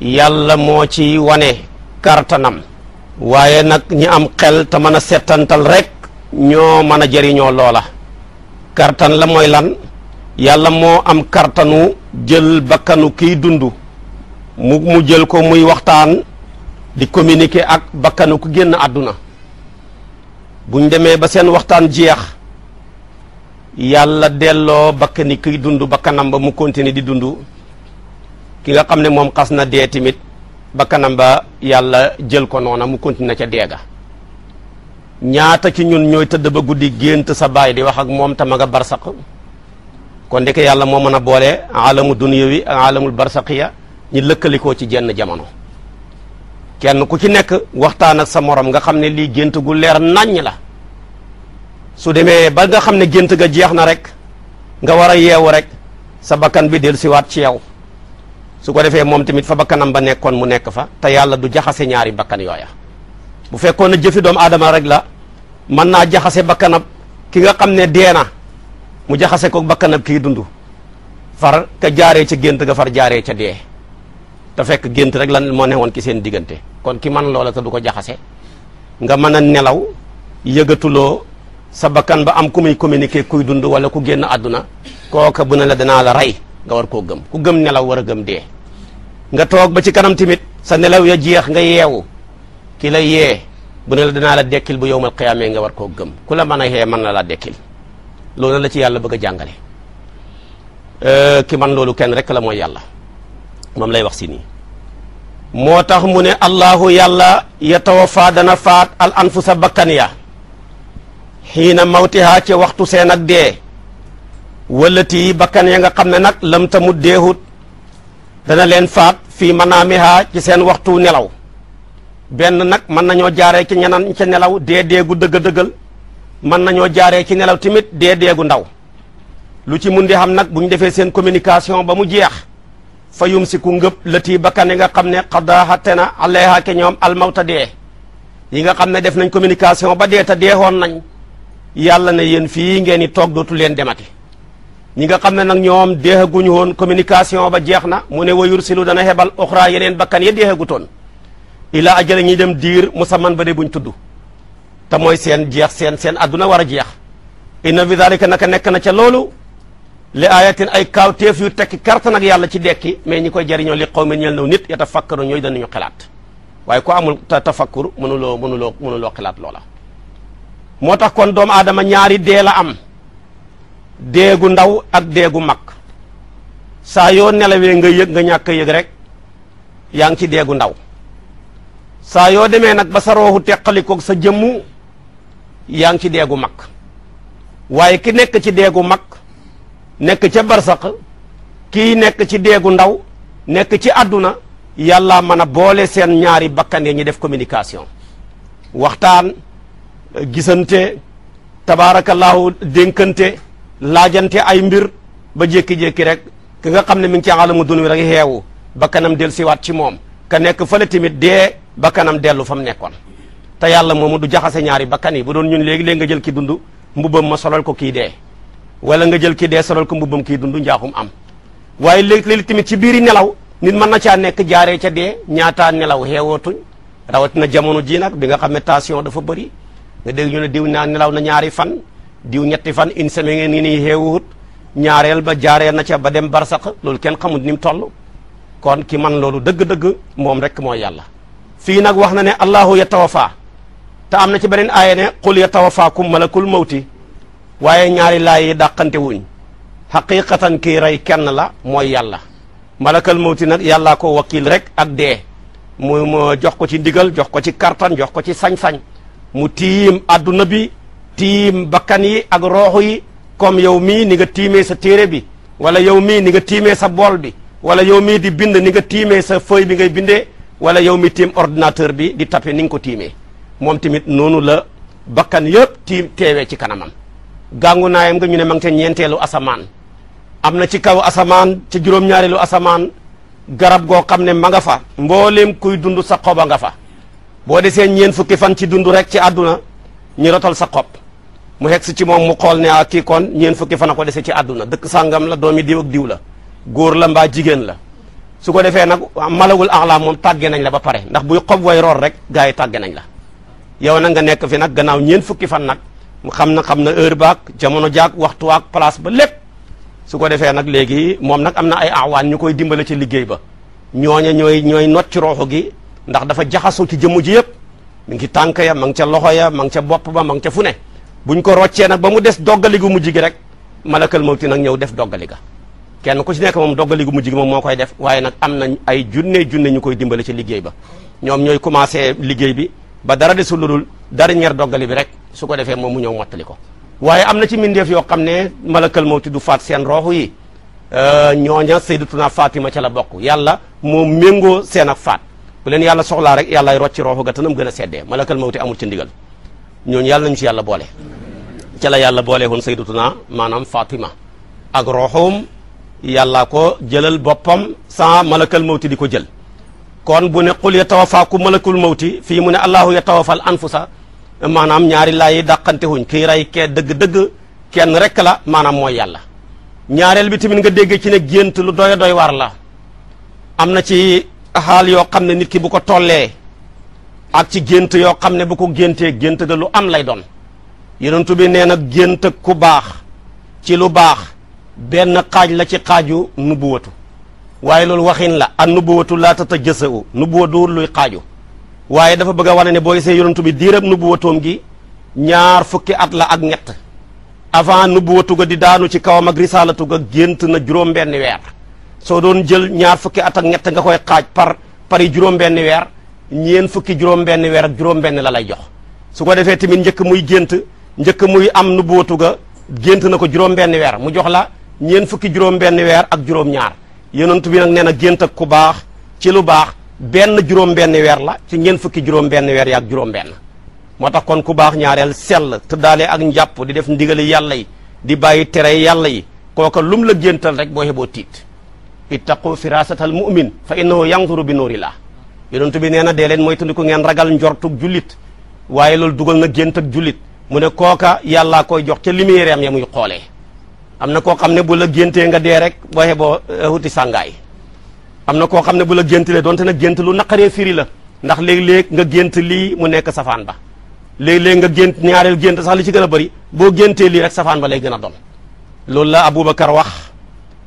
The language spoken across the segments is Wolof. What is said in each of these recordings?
yàlla moo ci wane kartanam waaye nag ñi am xel te mën a settantal rekk ñoo mën a jariñoo loola kartan la mooy lan yàlla moo am kartanu jël bakkanu kiy dund mu mu jël ko muy waxtaan di communiquer ak bakkanu ku génn àdduna buñ demee ba seen waxtaan jeex yàlla delloo bakkani kiy dund bakkanam ba mu continuer di dund ki nga xam ne moom xas na dee tamit ba ba yàlla jël ko noona mu continué ca deega ñaata ci ñun ñooy tëdd ba guddi gént sa baay di wax ak moom tama nga barsaq kon ndeke yàlla moo mën a boole alamu dunya wi ak alamul barsaqiya ñi lëkkalikoo ci jenn jamono kenn ku ci nekk waxtaan ak sa morom nga xam ne lii gént gu leer naññ la su demee ba nga xam ne gént ga jeex na rek nga war a yeewu rek sa bakkan bi dellusiwaat ci yow su ko defee moom tamit fa bakkanam ba nekkoon mu nekk fa te yàlla du jaxase ñaari bakkan yooya bu fekkoon na jëfi doomu aadama rek la mën naa jaxase bakkanam ki nga xam ne dee na mu jaxase ko bakkanam kii dund far ka jaaree ca gént ga far jaaree ca dee te fekk gént rek lan moo ne woon ki seen diggante kon ki man loola te du ko jaxase nga mën a nelaw yëgatuloo sa bakkan ba am ku muy communiquer kuy dund wala ku génn àdduna kooka bu ne la danaa la rey nga war koo gëm ku gëm nelaw war a gëm dee nga toog ba ci kanam tamit sa nelaw ya jeex nga yeewu ki la yee bu ne la dinaa la dekkil bu yowmal qiyaamee nga war koo gëm ku la man a yee mën na la dekkil loolu la ci yàlla bëgg a jàngale euh, ki man loolu kenn rek la mooy yàlla moom lay wax si nii moo tax mu ne allahu yàlla ya yatawafa dana faat al anfusa bakkan ya xiina mawtiha ci waxtu seen ak dee wëllati bakkan ya nga xam ne nag lam tamut deehut dana leen faat fii manaamiha ci seen waxtu nelaw benn nag mën nañoo jaaree ci ñanan ca nelaw dee deegu dëgg-dëggal mën nañoo jaaree ci nelaw tamit dee deegu ndaw lu ci mun di xam nag bu ñu defee seen communication ba mu jeex fa yum si ku ngëp lëtii bakkan yi nga xam ne xadaaxate na alayha ke ñoom almawta dee yi nga xam ne def nañ communication ba dee ta deexoon nañ yàlla na yéen fii ngeen di toog dootu leen demati ñi nga xam ne nag ñoom deexaguñu woon communication ba jeex na mu ne wa yursilu dana hebal oxra yeneen bakkan ya deexagutoon ilaa ajale ñi dem diir musamman ba de buñ tudd te mooy seen jeex seen seen adduna war a jeex inna fi dalika naka nekk na ca loolu li ayatin ay kaawteef yu tekki karte nag yàlla ci dekki mais ñi koy jariñoo li xaw ma ñeel naw nit yatafakkaru ñooy danañu xalaat waaye ko amul tafakkur mënuloo mënuloo mënuloo xalaat loola moo tax kon doomu aadama ñaari dee la am déegu ndaw ak déegu mag saa yoo nelawee nga yëg nga ñàkk a yëg rek yaa ngi ci déegu ndaw saa yoo demee nag ba sa rooxu teqalikoog sa jëmmu yaa ngi ci déegu mag waaye ki nekk ci déegu mag nekk ca barsax kii nekk ci déegu ndaw nekk ci àdduna yàlla mën a boole seen ñaari bakkan yi ñu def communication waxtaan gisante tabaarakallaahu dénkante laajante ay mbir ba jékki-jékki rek ki nga xam ne mi ngi ci alamu dun rek xeewu ba kanam del siwaat ci moom ka nekk fële tamit dee ba kanam dellu fa mu nekkoon te yàlla moomu du jaxase ñaari bakkan yi bu doon ñun léegi-léegi nga jël ki dund mbubbam ma solol ko kii dee wala nga jël ki dee solol ko mbubbam kii dund njaaxum am waaye léeg-léeg tamit ci biir biiri nelaw nit mën na caa nekk jaaree ca dee ñaataa nelaw xeewootuñ rawatina jamono jii nag bi nga xam ne tension dafa bëri nga dégg ñu ne diw naa nelaw na ñaari fan diw ñetti fan une semaine ngi nii xeewuut ñaareel ba jaaree na ca ba dem barsax loolu kenn xamut ni mu toll kon ki man loolu dëgg-dëgg moom rek mooy yàlla fii nag wax na ne allahu yatawafa te am na ci beneen aaya ne qul yatawafaakum malakul mawti waaye ñaari laay yi dàqante wuñ xaqiqatan kii rey kenn la mooy yàlla malakal mawti nag yàllaa ko wakil rek ak dee mu jox ko ci ndigal jox ko ci kartan jox ko ci sañ mu tiim àdduna bi tiim bakkan yi ak rooxu yi comme yow mii ni nga tiime sa téere bi wala yow mii ni nga tiimee sa bool bi wala yow mii di bind ni nga tiime sa feuille bi ngay bindee wala yow mi tiim ordinateur bi di tape ni nga ko tiimee moom tamit noonu la bakkan yëpp tiim teewee ci kanamam gàngu naayam nga ñu ne ma ngi ca ñeenteelu asamaan am na ci kaw asamaan ci juróom-ñaareelu asamaan garab goo xam ne ma nga fa mbooleem kuy dund sa xoba nga fa boo desee ñeen fukki fan ci dund rek ci àdduna ñu rotal sa xob mu xeg si ci moom mu xool ne a ah, kii kon ñeen fukki fan a ko dese ci àdduna dëkk sàngam la doomi diw ak diw la góor la mbaa jigéen la su ko defee nag malawul axlaa moom tàgge nañ la ba pare ndax buy xob way roor rek gars yi tàgge nañ la yow nag nga nekk fi nag gannaaw ñeen fukki fan nag mu xam na xam na heure baak jamono jaak waxtu ak place ba lépp su ko defee nag léegi moom nag am na ay awaan ñu koy dimbale ci liggéey ba ñooña ñooy ñooy not ci rooxu gi ndax dafa jaxasoo ci ji yëpp mu ngi tànk ya ma ngi loxo ya ma ngi ca bopp ba ma ca fu ne bu ñu ko roccee nag ba mu des doggaligu mujj gi rek malakal mawti nag ñëw def doggali ga kenn ku ci nekk moom doggaligu mujj gi moom moo koy def waaye nag am na ay junne junne ñu koy dimbale ci liggéey ba ñoom ñooy commencé liggéey bi ba dara desu lu dul dernier doggali bi rek su ko defee moom mu ñëw mottali ko waaye am na ci mbindeef yoo xam ne malakal ti du faat seen rooxu yi euh, ñooña sayyidatuna Fatima ca la bokk yàlla moo méngoo seen ak faat bu leen yàlla soxlaa rek yàllaay rocci rooxu ga tanam gën a seddee malakal mawti amul ci ndigal ñooñu yàlla nañu ci yàlla boole cala la yàlla boole woon sayyidatuna maanaam Fatima ak roxum yàlla ko jëlal boppam sans malakal mawti di ko jël kon bu ne qul yatawafaakum malakul mawti fii mu ne allahu yatawafal anfusa maanaam ñaari laa yi dàqante wuñ kii rey kee dëgg-dëgg kenn rek la maanaam mooy yàlla ñaareel bi tamit nga dégg ci ne gént lu doy doy war la am na ci xaal yoo xam ne nit ki bu ko tollee ak ci gént yoo xam ne bu ko géntee gént ga lu am lay doon yonentu bi nee na gént ku baax ci lu baax benn xaaj la ci xaaju nubuwatu waaye loolu waxin la an nubuwatu laa tatajasau nubuwa duur luy xaaju waaye dafa bëgg a wane ne boo gisee yonentu bi diirab nubuwatoom gi ñaar fukki at la ak ñett avant nubuwatu ga di daanu ci kawam ak risaalatu ga gént na juróom benn weer soo doon jël ñaar fukki at ak ñett nga koy xaaj par pari juróom benn weer ñeen fukki juróom-benn weer ak juróom-benn la lay jox su ko defee tamit njëkk muy gént njëkk muy am nu bootu ga gént na ko juróom benni weer mu jox la ñeen fukki juróom-benn weer ak juróom-ñaar yonent bi nag nee na gént ak ku baax ci lu baax benn juróom-benn weer la ci ñeen fukki juróom-benn weer ya ak juróom-benn moo tax kon ku baax ñaareel sell tëddaale ak njàpp di def ndigali yàlla yi di bàyyi tere yàlla yi kooka lum la géntal rek boo xeboo tiit ittaqu firaasatal mu'min fa innahu yanzuru bi yonent bi nee na dee leen mooy tund ku ngeen ragal njortug jullit waaye loolu dugal na gént ak jullit mu ne kooka yàllaa koy jox ca lumière am ya muy xoolee am na koo xam ne bu la géntee nga dee rek boo xeboo eh, huti sàngaay am na koo xam ne bu la géntalee donte nag gént lu naqaree firi la ndax léeg-léeg nga gént lii mu nekk safaan ba léeg-léeg nga gént ñaareel gént sax la ci gën a bëri boo géntee lii rek safaan ba lay gën a doon loolu la Aboubacar wax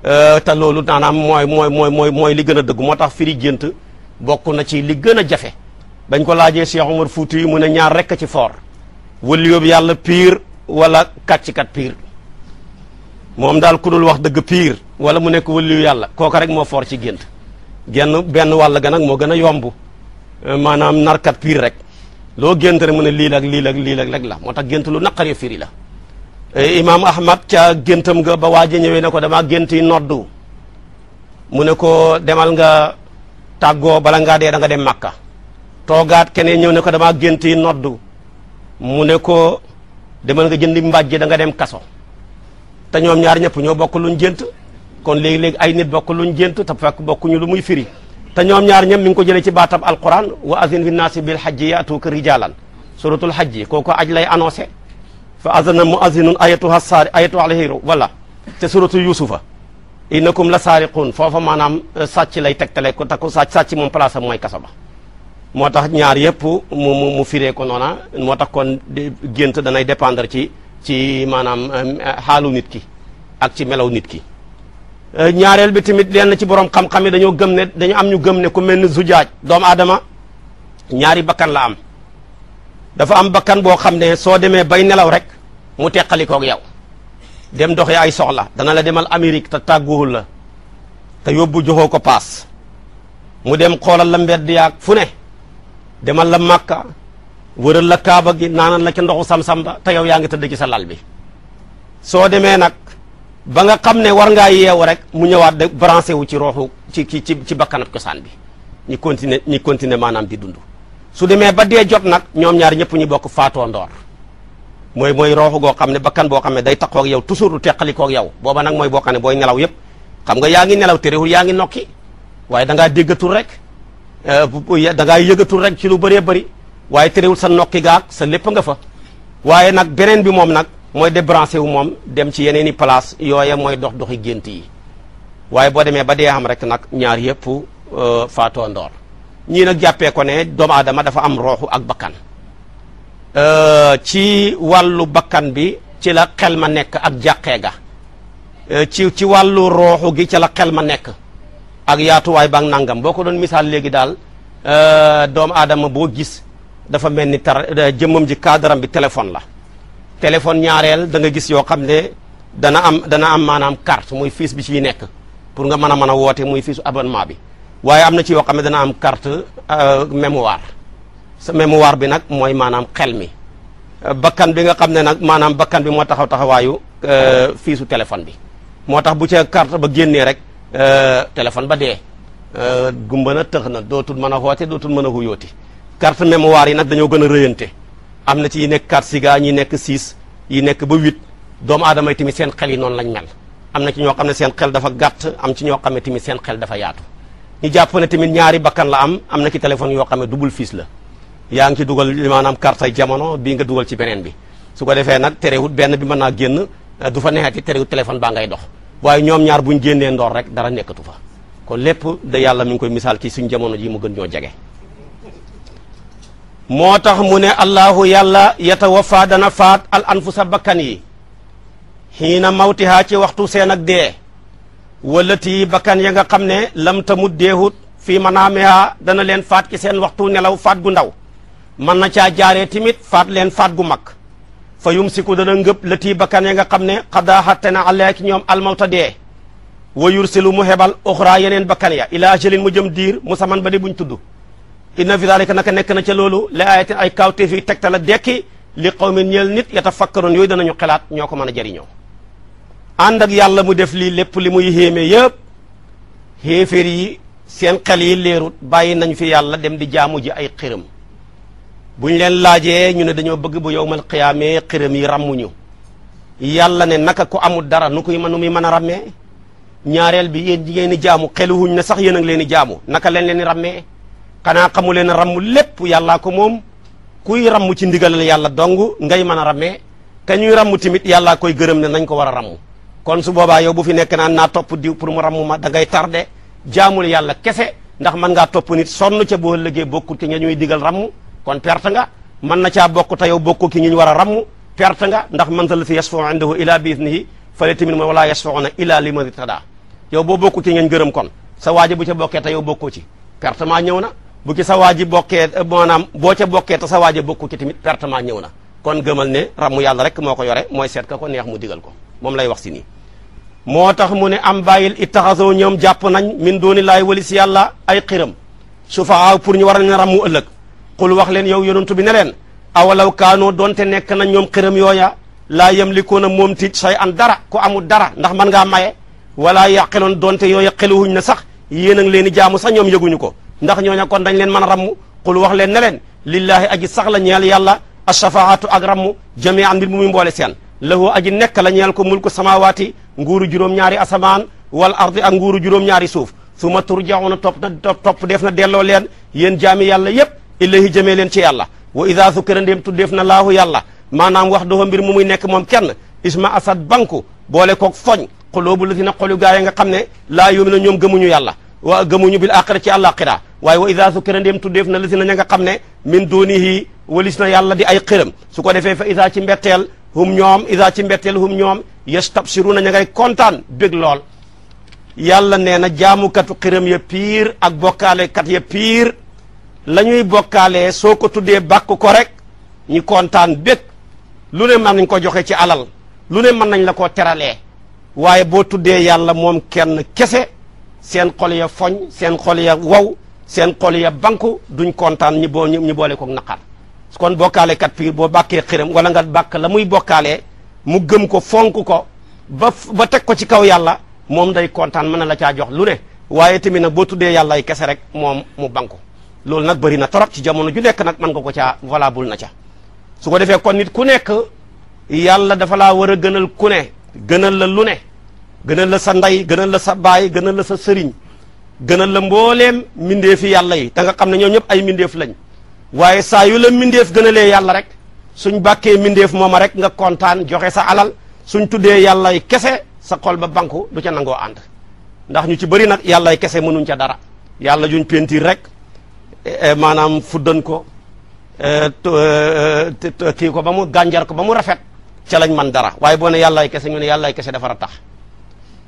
eh, ta loolu naanaam mooy mooy mooy mooy mooy li gën a dëgg moo tax firi gént bokk na ci li gën a jafe bañ ko laajee Cheikh Omar Fouti yi mu ne rek rekk ci foor wëli yóbbu yàlla piir wala kàccikat piir moom daal ku dul wax dëgg piir wala mu nekk wëliyu yàlla kooka rek moo foor ci gént genn benn wàll ga nag moo gën a yomb euh, maanaam narkat piir rek loo gént rek mu ne lii lak lii lak lii lak rek la moo tax gént lu naqaree firi la euh, imaam ahmad ca géntam nga ba waaja ñëwee ne ko damaa gént yi noddu mu ne ko demal nga tàggoo bala ngaa dee danga dem Makka toogaat keneen ñëw ne ko damaa gént yi noddu mu ne ko demal nga jëndi mbàjj da nga dem kaso te ñoom ñaar ñëpp ñoo bokk luñ gént kon léegi-léegi ay nit bokk luñ gént te fekk bokkuñu lu muy firi te ñoom ñaar ñëpp mi ngi ko jëlee ci baatab alquran wa azin fi naasi bil hajji yaatuuka rijaalan suratul hajji kooku aj lay annoncé fa azana mu azinun ayatuha saari ayatu alayhi wala te suratul yusufa innakum la saariquun foofa maanaam euh, sàcc lay tegtale ku takku sàcc sàcc moom place am mooy kaso ba moo tax ñaar yëpp mu mu mu firee noona moo tax kon gént danay dépendre ci ci maanaam euh, xaalu nit ki ak ci melaw nit ki euh, ñaareel bi tamit lenn ci borom xam-xam yi dañoo gëm ne dañu am ñu gëm ne ku mel ni zujaaj doomu aadama ñaari bakkan la am dafa am bakkan boo xam ne soo demee bay nelaw rek mu teqali koog yow dem dox yaay soxla dana la demal Amérique te tàgguwul la te yóbbu joxoo ko paas mu dem xoolal la mbedd yaag fu ne demal la Makka wëral la Kaaba gi naanal la ci ndoxu sam-sam ba te yow yaa ngi tëdd ci sa lal bi soo demee nag ba nga xam ne war ngaa yeewu rek mu ñëwaat de branché wu ci rooxu ci ci ci ci bakkanab cosaan bi ñi continuer ñi continuer maanaam di dund su demee ba dee jot nag ñoom ñaar ñëpp ñu bokk faatoo ndoor mooy mooy rooxu goo xam ne bakkan boo xam ne day taqoog yow toujours lu teqalikoog yow booba nag mooy boo xam ne booy nelaw yépp xam nga yaa ngi nelaw terewul yaa ngi nokki waaye da ngaa déggatul rek euh, da ngaa yëgatul rek ci lu bëree bëri waaye terewul sa nokki gaag sa lépp nga fa waaye nag beneen bi moom nag mooy débranché wu moom dem ci yeneen i place yooya mooy dox doxi gént yi waaye boo demee ba dee am rek nag ñaar yëpp euh, faatoo ndoor ñii nag jàppee ko ne doomu aadama dafa am rooxu ak bakkan Euh, ci wàllu bakkan bi ci la xel ma nekk ak jàqee ga euh, ci ci wàllu rooxu gi ci la xel ma nekk ak yaatuwaay ba ak nangam boo ko doon misaal léegi daal euh, doomu aadama boo gis dafa mel ni tar jëmmam ji kaadaram bi téléphone la téléphone ñaareel da nga gis yoo xam ne dana am dana am maanaam carte muy fiis bi ciy nekk pour nga mën a mën a woote muy fiisu abonnement bi waaye am na ci yoo xam ne dana am carte mémoire mémoire bi nag mooy maanaam xel mi euh, bakkan bi nga xam ne nag maanaam bakkan bi moo taxaw taxawaayu euh, fiisu téléphone bi moo tax bu ca carte ba génnee rek euh, téléphone ba dee gumba na tëx na dootul mën a xoote dootul mën a xuyooti carte mémoire yi nag dañoo gën a rëyante am na ci yi nekk 4 ñi nekk 6 yi nekk ba 8 doomu aadama yi tamit seen yi noonu lañ mel am na ci ñoo xam ne seen xel dafa gàtt am ci ñoo xam ne tamit seen xel dafa yaatu ñu jàpp ne tamit ñaari bakkan la am am na ci téléphone yoo xam ne dubul fils la yaa ngi ci dugal maanaam carte jamono bii nga dugal ci beneen bi su ko defee nag terewut benn bi mën naa génn eh, du fa neexati terewut téléphone baa ngay dox waaye ñoom ñaar buñ génnee ndoor rek dara nekkatu fa kon lépp da yàlla mi ngi koy misaal ci suñ jamono ji mu gën ñoo jege moo tax mu ne allahu yàlla yatawaffa dana faat al anfusa bakkan yi xiina mawtihaa ci waxtu seen ak dee wallati bakkan yi nga xam ne lam tamut deehut fii manaameha dana leen faat ci seen waxtu nelaw faat gu ndaw mën na caa jaaree tamit faat leen faat gu mag fa yumsiku dana ngëb lëtii bakkan ya nga xam ne xadaa xatte na àlla ki ñoom almawta dee wa yursilu mu hebal uxraa yeneen bakkan ya ilaa ajalin mu jëm diir mu musamman ba di buñ tudd inna fi daalika naka nekk na ca loolu la ayatin ay kawtéef yi tegtal ak dekki li qawmin ñeel nit yatafakkaroon yooyu danañu xelaat ñoo ko mën a jariñoo ànd ak mu def lii lépp li muy xéemee yëpp xéeféer yi seen xel yi leerut bàyyi nañ fi yàlla dem di jaamu ji ay xiram buñ leen laajee ñu ne dañoo bëgg bu yowmal xiyaamee xiram yi ràmmuñu yàlla ne naka ko amul dara nu koy nu muy mën a rammee ñaareel bi yéen ngeen di jaamu xeluwuñ ne sax yéen a ngi leen di jaamu naka leen leen di ràmmee xanaa xamu leen ràmm lépp yàllaa ko moom kuy ràmm ci ndigalal yàlla dong ngay mën a rammee ka ñuy ràmm tamit yàllaa koy gërëm ne nañ ko war a ràmm kon su boobaa yow bu fi nekke naan naa topp diw pour mu ràmm ma da ngay tardé jaamul yàlla kese ndax mën ngaa topp nit sonn ca boo lëggee bokkul ci nga ñuy digal kon perte nga mën na caa bokku te yow bokku ki ñu war a ramm perte nga ndax man zal si yasfau indahu ila bi idnihi fale tamit mooy walaa yasfauna ila liman irtada yow boo bokku ci ngeen gërëm kon sa waaji bu ca bokkee te yow bokkoo ci perte maa ñëw na bu sa waaji bokkee maanaam boo ca bokkee te sa waaji bokku ci tamit perte maa ñëw na kon gëmal ne ramu yàlla rek moo ko yore mooy seet ko neex mu digal ko moom lay wax si nii moo tax mu ne am bàyyil ittaxasoo ñoom jàpp nañ min dooni laay wali si yàlla ay xiram sufaa pour ñu war a ne ramu ëllëg qul wax leen yow yonantu bi ne leen awalaw kaanoo doonte nekk na ñoom xërëm yooya laa yamlikuuna moom tiit say an dara ko amul dara ndax mën ngaa maye wala yaqiloon doonte yooya xeluwuñ na sax yéen a ngi leen di jaamu sax ñoom yëguñu ko ndax ñooña kon dañ leen mën a ramm qul wax leen ne leen lillahi aji sax la ñeel yàlla ashafaatu ak ramm jami an mbir mu muy mboole seen lahu aji nekk la ñeel ko mulku samawaati nguuru juróom-ñaari asamaan wal ardi a nguuru juróom-ñaari suuf su ma turjauna topp na topp def na delloo leen yéen jaami yàlla yépp illahi jëmee leen ci yàlla wa ida sukkira ndéem tuddeef na laahu yàlla maanaam wax doxa mbir mu muy nekk moom kenn isma asad banku boole koog foñ xuloobu la si na xolu gaa yi nga xam ne laa yóomi ñoom gëmuñu yàlla wa gëmuñu bil axira ci àllaaxira waaye wa isa sukkira ndéem tuddeef na la si na nga xam ne min dunihi walis na yàlla di ay xiram su ko defee fa isa ci mbetteel hum ñoom isa ci mbetteel hum ñoom yastabsiruna ña ngay kontaan bég lool yàlla na jaamukatu xiram ya ak bokkaalekat ya la ñuy bokkaalee soo ko tuddee bàkk ko rek ñu kontaan bég lu ne man nañ ko joxe ci alal lu ne mën nañ la koo teralee waaye boo tuddee yàlla moom kenn kese seen xol ya foñ seen xol ya wow seen xol ya banku duñ kontaan ñi boo ñu boole ko naqar kon bokkaale kat piir boo bàkkee xiram wala nga bàkk la muy bokkaalee mu gëm ko fonk ko ba ba teg ko ci kaw yàlla moom day kontaan mën na la caa jox lu ne waaye tamit nag boo tuddee yàlla ay kese rek moom mu banku loolu nag bëri na trop ci jamono ju nekk nag mën nga ko caa valable na ca su ko defee kon nit ku nekk yàlla dafa laa war a gënal ku ne gënal la lu ne gënal la sa ndey gënal la sa baay gënal la sa sëriñ gënal la mbooleem mbindeefi yàlla yi da nga xam ne ñoom ñëpp ay mbindeef lañ waaye saa yu la mbindeef gënalee yàlla rek suñ bàkkee mindeef mooma rek nga kontaan joxe sa alal suñ tuddee yàllay kese sa xol ba banku du ca nangoo ànd ndax ñu ci bëri nag yàllay kese mënuñ ca dara yàlla juñ pentiir rek Eh, eh, maanaam fuddan ko eh, kii ko ba mu gànjar ko ba mu rafet ca lañ man dara waaye boo ne yàllaay kese ñu ne yàllaay kese dafara tax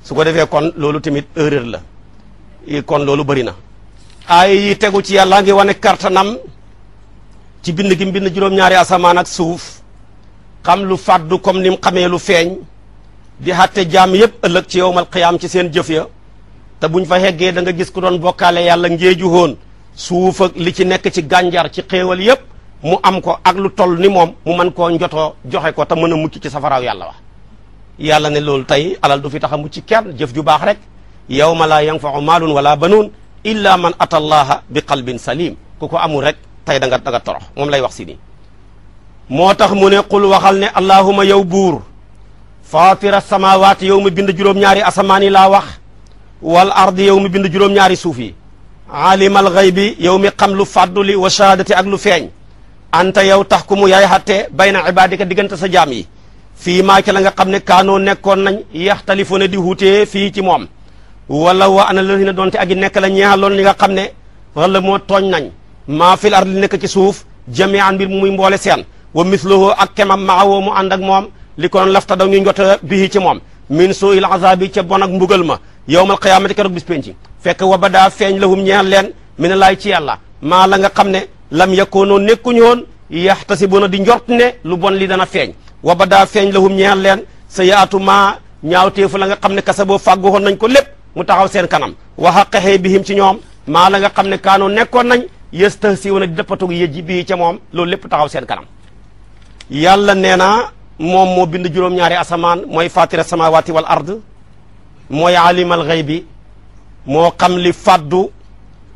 su ko defee kon loolu tamit erreur la kon loolu bëri na ay tegu ci yàlla ngi wane kartanam ci bind gi bind juróom-ñaari asamaan ak suuf xam lu fàddu comme ni mu xamee lu feeñ di xatte jaam yëpp ëllëg ci yowmal qiyaam ci seen jëf ya te buñ fa heggee da nga gis ku doon bokkaale yàlla ngeeju hoon suufa li ci nekk ci gànjar ci xéewal yépp mu am ko ak lu toll ni moom mu mën koo njotoo joxe ko te mën a mucc ci safaraaw yàlla wa yàlla ne loolu tey alal du fi tax a mucc kenn jëf ju baax rek ma laa yanfau maalun wala banuun illa man ata allaha bi qalbin salim ku ko amul rek tey danga nga da torox moom lay wax si nii moo tax mu ne qul waxal ne allahuma yow buur faatira samawaati yow mi bind juróom-ñaari asamaan yi laa wax wal ardi yow mi bind juróom suuf yi aalimal xaybi yow mi xam lu fàdduli wa shahadati ak lu feeñ anta yow tax ku mu yaay xatte bayna ibaadika diggante sa jaam yi fii maa ci la nga xam ne kaanoo nekkoon nañ yaxtalifu ne di wutee fii ci moom wala wa ana la na doonte ak yi nekk la ñeexaloon li nga xam ne wala moo tooñ nañ maa fil ar li nekk ci suuf jamian mbir mu muy mboole seen wa misluhu ak kemam maawoo mu ànd moom li konoon lafta daw ñu njota bii ci moom min suu il azaabi ca bon ak mbugal yowmal qiyaamati keroog bis penci fekke wa bada daa feeñ lahum ñeel leen mi ne laay ci yàlla maa la nga xam ne lam yakkoonoo nekkuñu woon bona di njort ne lu bon li dana feeñ wa ba daa feeñ lahum ñeel leen sa yaatu maa ñaawteefu la nga xam ne kasa boo fàggu nañ ko lépp mu taxaw seen kanam waxa qexee bihim ci ñoom maa la nga xam ne kaanoo nekkoon nañ si yastahsiwuna di dëppatug yëjji bii ca moom loolu lépp taxaw seen kanam yàlla nee na moom moo bind juróom-ñaari asamaan mooy faatira samawati wal ard mooy alimal xëy bi moo xam li fàddu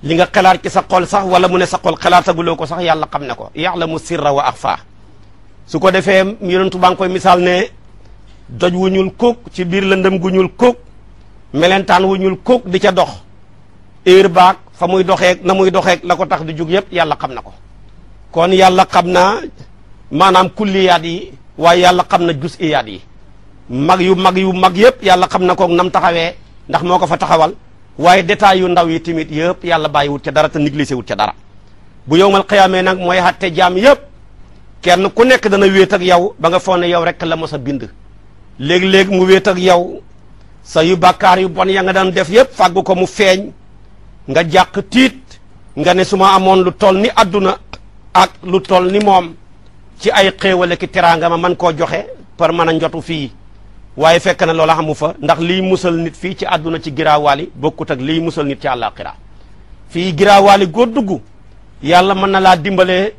li nga xalaat ci sa xol sax wala mu ne sa xol xalaataguloo ko sax yàlla xam na ko ya'lamu sirra wa axfa su ko defee yonentu baa ngi koy misaal ne doj wu ñuul kook ci biir lëndëm gu ñuul kook melentaan wu ñuul kook di ca dox heure baag fa muy doxeek na muy doxeek la ko tax di jug yëpp yàlla xam na ko kon yàlla xam na maanaam kulliyaat yi waaye yàlla xam na jus iyaat yi mag yu mag yu mag yëpp yàlla xam na koog nam taxawee ndax moo ko fa taxawal waaye détails yu ndaw yi tamit yëpp yàlla bàyyiwut ca dara te négligé wut ca dara bu yowmal xiyaamee nag mooy xatte jaam yëpp kenn ku nekk dana wéet ak yow ba nga foog ne yow rek la mos a bind léegi léeg mu wéet ak yow sa yu bàkkaar yu bon ya nga daan def yëpp fàggu ko mu feeñ nga jàq tiit nga ne su ma amoon lu toll ni adduna ak lu tol ni moom ci ay xéewale ki teraanga ma man koo joxe par mën a njotu fii waaye fekk na loola amu fa ndax liy musal nit fii ci àdduna ci giraawaali bokkut ak liy musal nit ci àllaaxira fii giraawaali goo dugg yàlla mën na laa dimbalee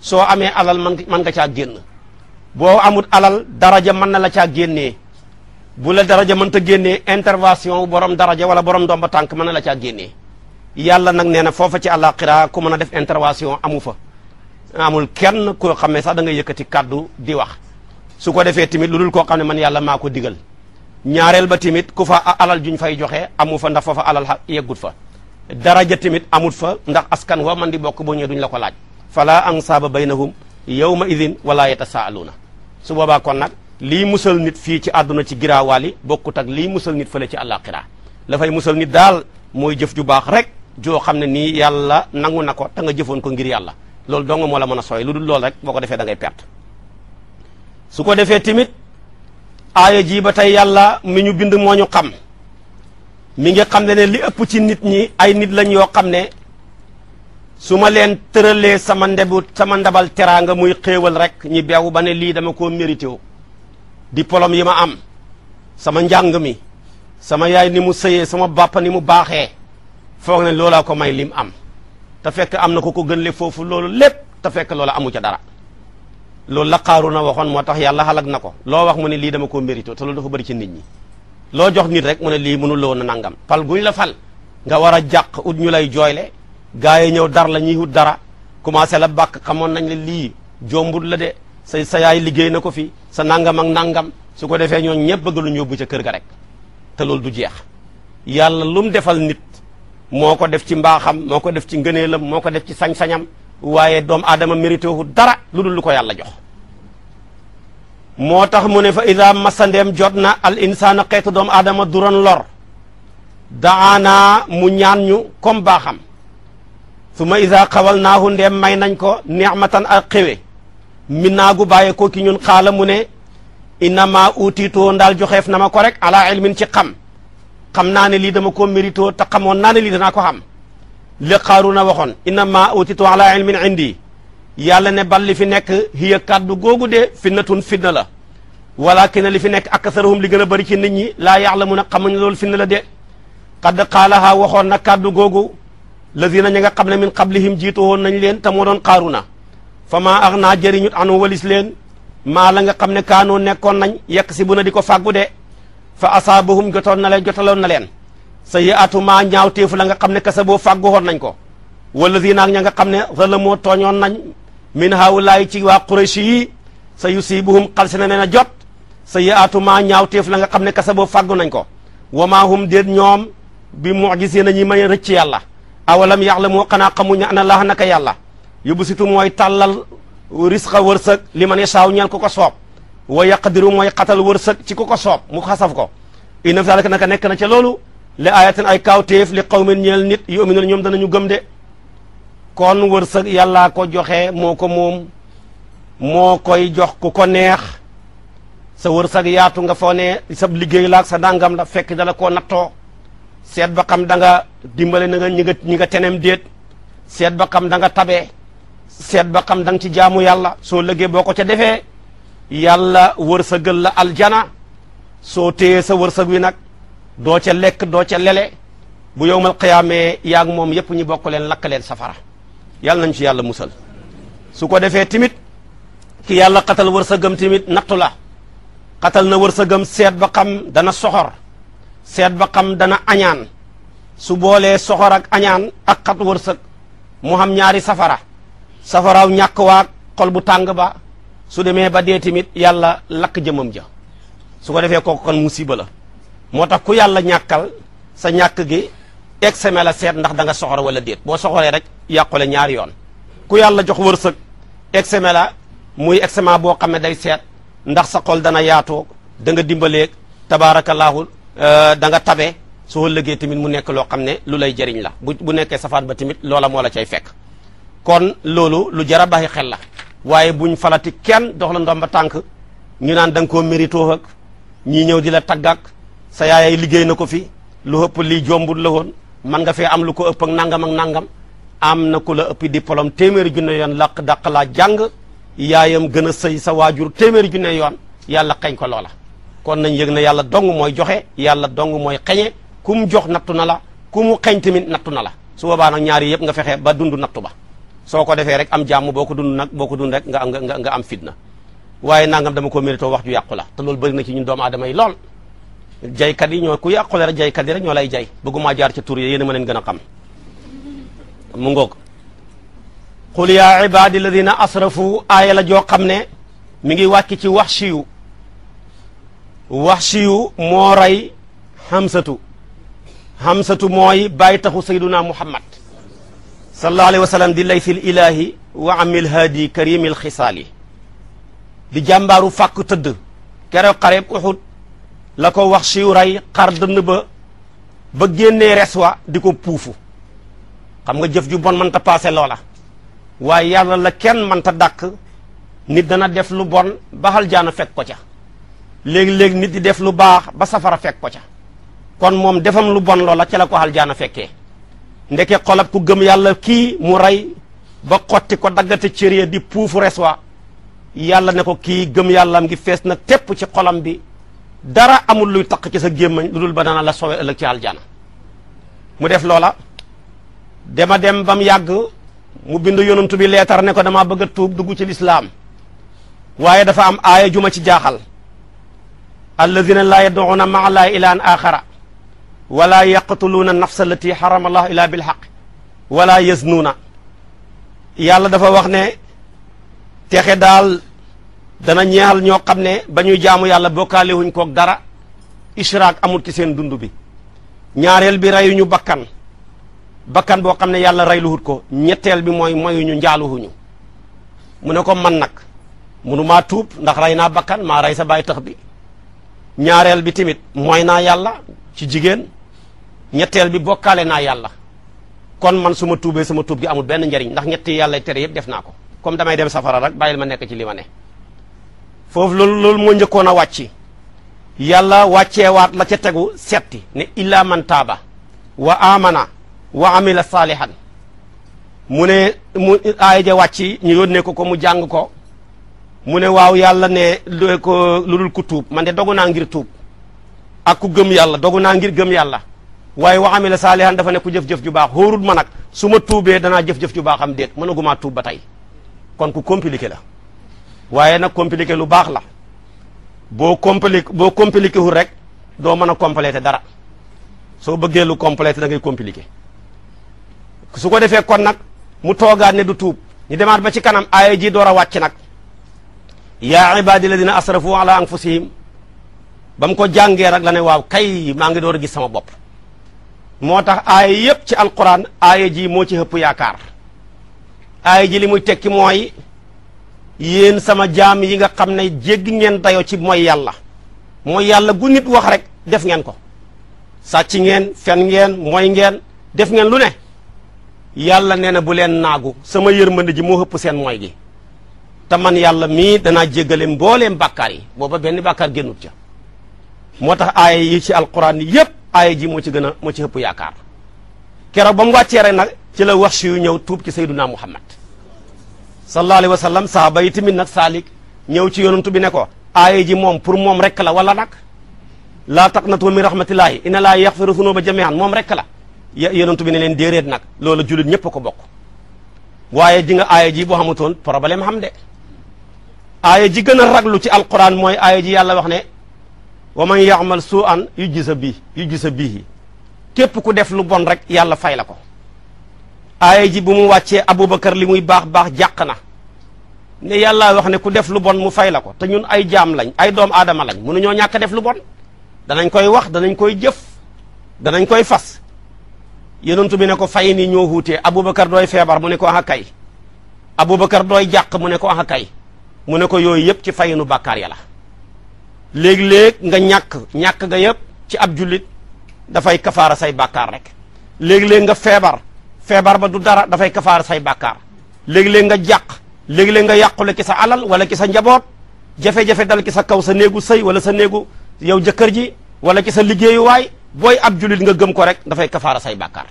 soo amee alal man mën nga caa génn boo amul alal daraja mën na la caa génnee bu la daraja mënta génnee intervention borom daraja wala borom ba tànk mën na la caa génnee yàlla nag nee na foofa ci àllaaxira ku mën a def intervention amu fa amul kenn koo xam ne sax da ngay yëkkati kàddu di wax su ko defee tamit lu dul koo xam ne man yàlla maa ko digal ñaareel ba tamit ku fa alal juñ fay joxe amu fa ndax fa fa alal yeggut fa daraja tamit amut fa ndax askan wa man di bokk boo ñëwee duñ la ko laaj fala ansaaba baynahum yawma idin wala yatasaaluuna su boobaa kon nag lii musal nit fii ci àdduna ci giraawaali bokkut ak lii musal nit fële ci àllaaxira la fay musal nit daal mooy jëf ju baax rek joo xam ne nii yàlla nangu na ko te nga jëfoon ko ngir yàlla loolu dong moo la a sooy lu dul loolu rek boo ko defee da ngay su ko defee tamit aaya ji ba tey yàlla mi ñu bind moo ñu xam mi ngi xam ne ne li ëpp ci nit ñi ay nit lañ yoo xam ne su ma leen tëralee sama ndebu sama ndabal teraanga muy xéewal rek ñi beew ba ne lii dama koo mérité wu polom yi ma am sama njàng mi sama yaay ni mu sëyee sama bàppa ni mu baaxee foog ne loolaa ko may lim am te fekk am na ko ko gën foofu loolu lépp te fekk loola amu ca dara loolu la na waxoon moo tax yàlla xalag na ko loo wax mu ne lii dama koo mérito te loolu dafa bëri ci nit ñi loo jox nit rek mu ne lii mënul la woon a nangam fal guñ la fal nga war a jàq ut ñu lay jooyle gaa yi ñëw dar la ñuy ut dara commencé la bàkk xamoon nañ la lii jombul la de sa sa yaay liggéey na ko fi sa nangam ak nangam su ko defee ñoon ñëpp bëgg lu ñu yóbbu ca kër ga rek te loolu du jeex yàlla lu mu defal nit moo ko def ci mbaaxam moo ko def ci ngëneelam moo ko def ci sañ-sañam waaye doom aadama mérité wu dara lu dul lu ko yàlla jox moo tax mu ne fa ida masandeem jot na al insaana xeetu doom aadama duran lor daana mu ñaan ñu comme baaxam su ma ida xawal naahu ndeem may nañ ko ni'matan ak xéwe min naa gu bàyyee ko ki ñun xaala mu ne innama utiitoo ndaal joxeef na ma ko rek ala ilmin ci xam xam naa ne lii dama ko méritoo te xamoon naa ne xam li Qaaruuna waxoon innama utitu ala ilmin indi yàlla ne bal li fi nekk hiya kàddu googu de fitnatun fitna la walakin li fi nekk aksaruhum li gën a bëri ci nit ñi laa ya'lamuuna xamuñ loolu fitna la de qad qaalahaa waxoon na kàddu googu lazina ñi nga xam ne min qablihim jiitu woon nañ leen te moo doon Qaaruuna fa ma ax naa jëriñut anu walis leen maa la nga xam ne kaanoo nekkoon nañ yekk si bu na di ko fàggu de fa asaabahum jotoon na leen jotaloon na leen sa sayyi'aatu maa ñaawteefu la nga xam ne kasa boo fàggu woon nañ ko walladiina ak ña nga xam ne zalamoo tooñoon nañ min haawulaay ci waa Qurayshi yi sa yusiibuhum ne na leen sa jot sayyi'aatu maa ñaawteef la nga xam ne kasa boo fàggu nañ ko wa maa hum déet ñoom bi mu'jisiina ñi mën a rëcc yàlla awalam ya'lamu xanaa xamuñu anna Allaaha naka yàlla yubsitu mooy tàllal risqa wërsëg li man yashaaw ñeel ku ko soob wa yaqdiru mooy xatal wërsëg ci ku ko soob mu xasaf ko inna fi zaalika naka nekk na ca li ayatan ay kawtéef li qawmin ñeel nit yu'minuuna ñoom danañu gëm de kon wërsëg yàllaa ko joxe moo ko moom moo koy jox ko ko neex sa wërsëg yaatu nga foo ne sab liggéey laak sa dàngam la fekk dala koo nattoo seet ba xam da dimbale na nga ñi nga ñi nga tenem déet seet ba xam da nga tabee seet ba xam da ci jaamu yàlla soo lëggee boo ko ca defee yàlla wërsëgal la aljana soo téye sa wërsëg wi nag doo ca lekk doo ca lele bu yowmal xiyaamee yaag moom yépp ñu bokk leen lakk leen safara yàlla nañ ci yàlla musal su ko defee tamit ki yàlla xatal wërsëgam tamit nattu la xatal na wërsëgam seet ba xam dana soxor seet ba xam dana añaan su boolee soxor añaan ak xat wërsëg mu xam ñaari safara safara ñàkk waa xol bu tàng ba su demee ba dee tamit yàlla lakk jëmmam ja su ko defee kooku kon musiba la moo tax ku yàlla ñàkkal sa ñàkk gi exeme la seet ndax danga nga soxor wala déet boo soxoree rek yàqule ñaari yoon ku yàlla jox wërsëg exeme la muy exement boo xam ne day seet ndax sa xol dana yaatoo da nga dimbaleeg tabaarakallaahu euh, da nga tabe soo lëggee tamit mu nekk loo xam ne lu lay jëriñ la bu nekkee safaat ba tamit loola moo la cay fekk kon loolu lu jar a bàyyi xel la waaye buñ falati kenn dox la ba tànk ñu naan da nga koo mérito ak ñii ñëw di la tàggak sa yaay liggéey na ko fi lu ëpp li jombul la woon man nga fee am lu ko ëpp ak nangam ak nangam am na ku la ëpp diplôme téeméeri junne yoon laq dàq laa jàng yaayam gën a sëy sa waajur téeméeri junne yoon yàlla xeñ ko loola kon nañ yëg na yàlla dong mooy joxe yàlla dong mooy xeñe ku mu jox nattu na la ku mu xeñ tamit nattu na la su boobaa nag ñaari yëpp nga fexe ba dund nattu ba soo ko defee rek am jàmm boo ko dund nag boo ko dund rek nga nga nga am fitna waaye nangam dama ko mérito wax ju yàqu la te loolu bëri na ci ñun doomu aadama yi lool jaykat yi ñoo ku yàqule yi rek ñoo lay jay bëgguma jaar ci tur yi yéen a ma leen gën a xam mu qul yaa ibaadi alladina asrafu aaya la joo xam ne mi ngi wàcc ci Wahshi yu Wahshi yu moo rey Hamsatu Hamsatu mooy bàyyi taxu sayduna Muhammad sallallahu alayhi wa sallam di laysil ilaahi wa amil haadi karimil xisaali di jàmbaaru fàkk tëdd keroog xareeb Uhud la ko wax siw ray xar dënn ba ba génnee res wa di ko puufu xam nga jëf ju bon mën ta paase loola waaye yàlla la kenn mën ta dàq nit dana def lu bon ba xal jaana fekk ko ca léegi-léegi nit di def lu baax ba safara fekk ko ca kon moom defam lu bon loola ca la ko xal jaana fekkee ndeke xolab ku gëm yàlla kii mu rey ba xotti ko daggate cër di puufu res wa yàlla ne ko kii gëm yàlla am fees na tepp ci xolam bi dara amul luy taq ci sa gémmañ lu dul ba dana la sowe ëllëg ci aljana mu def loola dema dem ba mu yàgg mu bind yonantu bi leetar ne ko damaa bëgg a tuub dugg ci lislaam waaye dafa am aaya juma ci jaaxal alladina laa yad'uuna ma'a llaahi ilaahan aaxara wala yaqtuluuna nafsa allati harama allahu illa bilhaq wala yaznuuna yàlla dafa wax ne texe daal dana ñeexal ñoo xam ne ba ñuy jaamu yàlla bokkaale wuñ kook dara ishraak amul ci seen dund bi ñaareel bi reyuñu bakkan bakkan boo xam ne yàlla reyluwut ko ñetteel bi mooy moyuñu njaaluwuñu mu ne ko man nag munu maa tuub ndax rey naa bakkan maa rey sa baay tax bi ñaareel bi tamit mooy naa yàlla ci jigéen ñetteel bi bokkaale naa yàlla kon man su ma tuubee sama tuub gi amul benn njariñ ndax ñetti yàlla tere yëpp def naa ko comme damay dem safara rek bàyyil ma nekk ci li ma ne foofu loolu loolu moo njëkkoon a wàcc yàlla wàcceewaat la ca tegu setti ne illa man taaba wa amana wa la saalihan mu ne mu aaya ja wàcc ñu yónnee ko ko mu jàng ko mu ne waaw yàlla ne lu ko lu dul ku tuub man de dogu naa ngir tuub ak ku gëm yàlla dogu naa ngir gëm yàlla waaye wa la saalihan dafa ne ku jëf-jëf ju baax xóorul ma nag su ma tuubee danaa jëf-jëf ju baax am déet mënagumaa tuub ba tey kon ku compliqué la waaye nag compliqué lu baax la boo compliqué boo compliqué wul rek doo mën a complété dara soo bëggee lu complété da ngay compliqué su ko defee kon nag mu toogaat ne du tuub ñu demaat ba ci kanam aaya ji door a wàcc nag yaa ibaadi ladina asrafu ala anfusihim ba bam ko jàngee rek la ne waaw kay maa ngi door a gis sama bopp moo tax aaya yëpp ci alquran aaya ji moo ci hëpp yaakaar aaya ji li muy tekki mooy yéen sama jaam yi nga xam ne jéggi ngeen dayoo ci mooy yàlla mooy yàlla gu nit wax rek def ngeen ko sàcc ngeen fen ngeen mooy ngeen def ngeen lu ne yàlla nee na bu leen naagu sama yërmande ji moo ëpp seen mooy gi te man yàlla mii danaa jéggale mbooleem bàkkaar yi booba benn bàkkaar génnut ca moo tax aaya yi ci alquran yi yépp aaya ji moo ci gën a moo ci ëpp yaakaar keroog ba mu wàccee rek nag ci la wax yu ñëw tuub ci sayduna muhammad sallallahu alayhi wa sallam saaba yi tamit nag saalik ñëw ci yonantu bi ne ko aaya ji moom pour moom rek la wala nag laa taqnatu min rahmatillahi inna laa yaxfiru zunuba jamian moom rek la yonantu bi ne leen déeréet nag loolu jullit ñëpp ko bokk waaye ji nga aaya ji boo xamutoon problème xam de aaya ji gën a raglu ci alquran mooy aaya ji yàlla wax ne wa man yaamal suu an yu gisa bii yu gisa biihi képp ku def lu bon rek yàlla fay la ko aaya ji bu mu wàccee abubakar li muy baax baax jàq na ne yàlla wax ne ku def lu bon mu fay la ko te ñun ay jaam lañ ay doom aadama lañ mënuñoo ñàkk def lu bon danañ koy wax danañ koy jëf danañ koy fas yonent bi ne ko fay ni ñoo wuutee abubakar dooy feebar mu ne ko ah kay abubakar dooy jàq mu ne ko ah kay mu ne ko yooyu yëpp ci fayinu bàkkaar ya la léeg-léeg nga ñàkk ñàkk nga yëpp ci ab jullit dafay kafaara say bàkkaar rek léeg-léeg nga feebar feebar ba du dara dafay kafaar say bàkkaar léegi-léeg nga jàq léegi-léeg nga yàqule ci sa alal wala ci sa njaboot jafe-jafe dal ki sa kaw sa néegu say wala sa néegu yow jëkkër ji wala ci sa liggéeyuwaay booy ab jullit nga gëm ko rek dafay kafaara say bàkkaar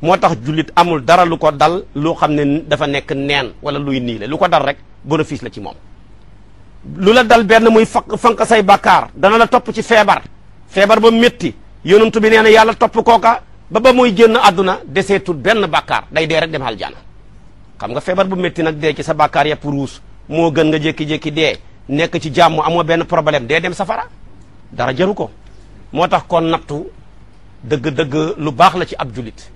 moo tax jullit amul dara lu ko dal loo xam ne dafa nekk neen wala luy niile lu ko dal rek bénéfice la ci moom lu la dal benn muy fa say bàkkaar dana la topp ci feebar feebar ba métti ba ba muy génn àdduna deseetul benn bàkkaar day dee rek dem aljana xam nga feebar bu métti nag dee ci sa bàkkaar yëpp ruus moo gën nga jékki-jékki dee nekk ci jàmm amoo benn problème dee dem safara dara jaru ko moo tax kon nattu dëgg-dëgg lu baax la ci ab julit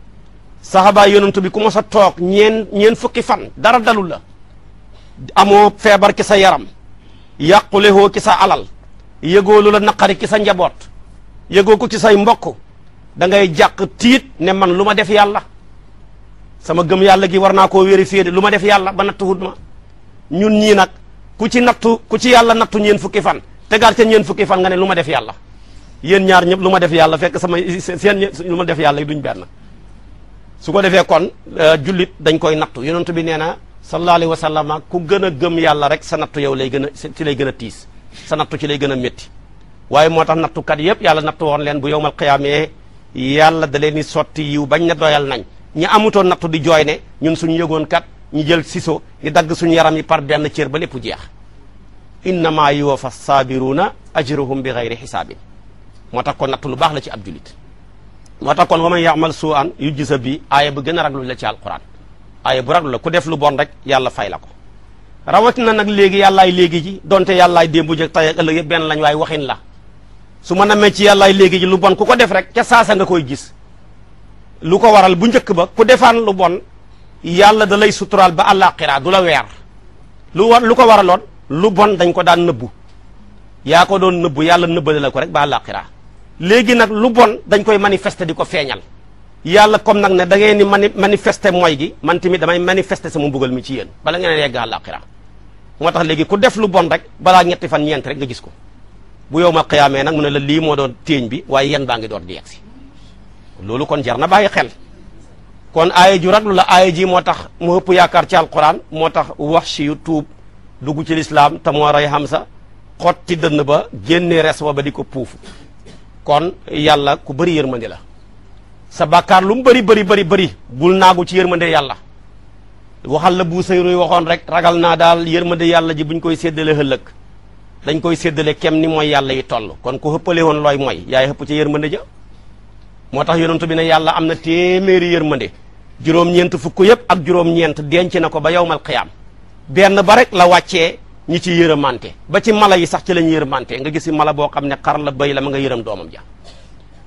saxaaba yonent bi ku mos a toog ñeen ñeen fukki fan dara dalul la amoo feebar ci sa yaram yàqulewoo ci sa alal yëgoo lu la naqari ci sa njaboot yëgoo ko ci say mbokk da ngay jàq tiit ne man lu ma def yàlla sama gëm yàlla gi war naa koo vérifier de lu ma def yàlla ba natt hut ma ñun ñii nag ku ci nattu ku ci yàlla nattu ñeen fan tegaat ca ñeen fan nga ne lu ma def yàlla yéen ñaar ñëpp lu ma def yàlla fekk sama seen lu ma def yàlla yi duñ su ko defee kon euh, jullit dañ koy nattu yonent bi nee na sallallahu alayhi wa sallam ku gën a gëm yàlla rek sa nattu yow lay gën a ci lay gën a tiis sa nattu ci lay gën a métti waaye moo tax nattukat yëpp yàlla nattu woon leen bu yowmal qiyaamee yàlla da leen di sotti yiw bañ na doyal nañ ñi amutoon nattu di jooy ne ñun suñu yëgoon kat ñu jël siso di dagg suñu yaram yi par benn cër ba lépp jeex innama yuwafa saabiruna ajruhum bi gayri xisaabin moo takkoon kon lu baax la ci ab julit moo tax kon wa man yaamal yu gisa bi aaya bu gën a raglu la ci alquran aaya bu raglu la ku def lu bon rek yàlla fay la ko rawatina nag léegi yàllaay léegi ji donte yàllaay démb jëg tey ak ëllëg benn lañ waaye waxin la su ma namee ci yàllaay léegi ji lu bon ku ko def rek ca saasa nga koy gis lu ko waral bu njëkk ba ku defaan lu bon yàlla da lay suturaal ba àllaaxira du la weer lu war lu ko waraloon lu bon dañ ko daan nëbbu yaa ko doon nëbbu yàlla nëbbale la ko rek ba àllaaxira léegi nag lu bon dañ koy manifester di ko feeñal yàlla comme nag ne da ngeen ni mani manifester mooy gi man tamit damay manifester sama mbugal mi ci yéen bala ngeen a yegg àllaaxira moo tax léegi ku def lu rek balaa ñetti fan ñeent rek nga gis ko bu yow ma xiyaamee nag mu ne la lii moo doon téeñ bi waaye yan baa ngi door di yegsi loolu kon jar na bàyyi xel kon aaya ju raglu la aaya ji moo tax mu ëpp yaakaar ci alquran moo tax wax si yu tuub dugg ci lislaam te moo rey Hamza xotti dënn ba génnee res wa ba di ko puufu kon yàlla ku bëri yërmande la sa bàkkaar lu mu bari bari bëri bëri bul naagu ci yërmande yàlla waxal la bu sayruy waxoon rek ragal naa daal yërmande yàlla ji buñ koy séddale ëllëg dañ koy séddale kem ni mooy yàlla yi toll kon ku xëppale woon looy mooy yaay xëpp ci yërmande ja moo tax yonentu bi ne yàlla am na téeméeri yërmande juróom-ñeent fukk yëpp ak juróom-ñeent denc ko ba yowmal xiyaam benn ba rek la wàccee ñi ci yërëmante ba ci mala yi sax ci lañ yërëmante nga gis mala boo xam ne xar la bay la ma nga yërëm doomam ja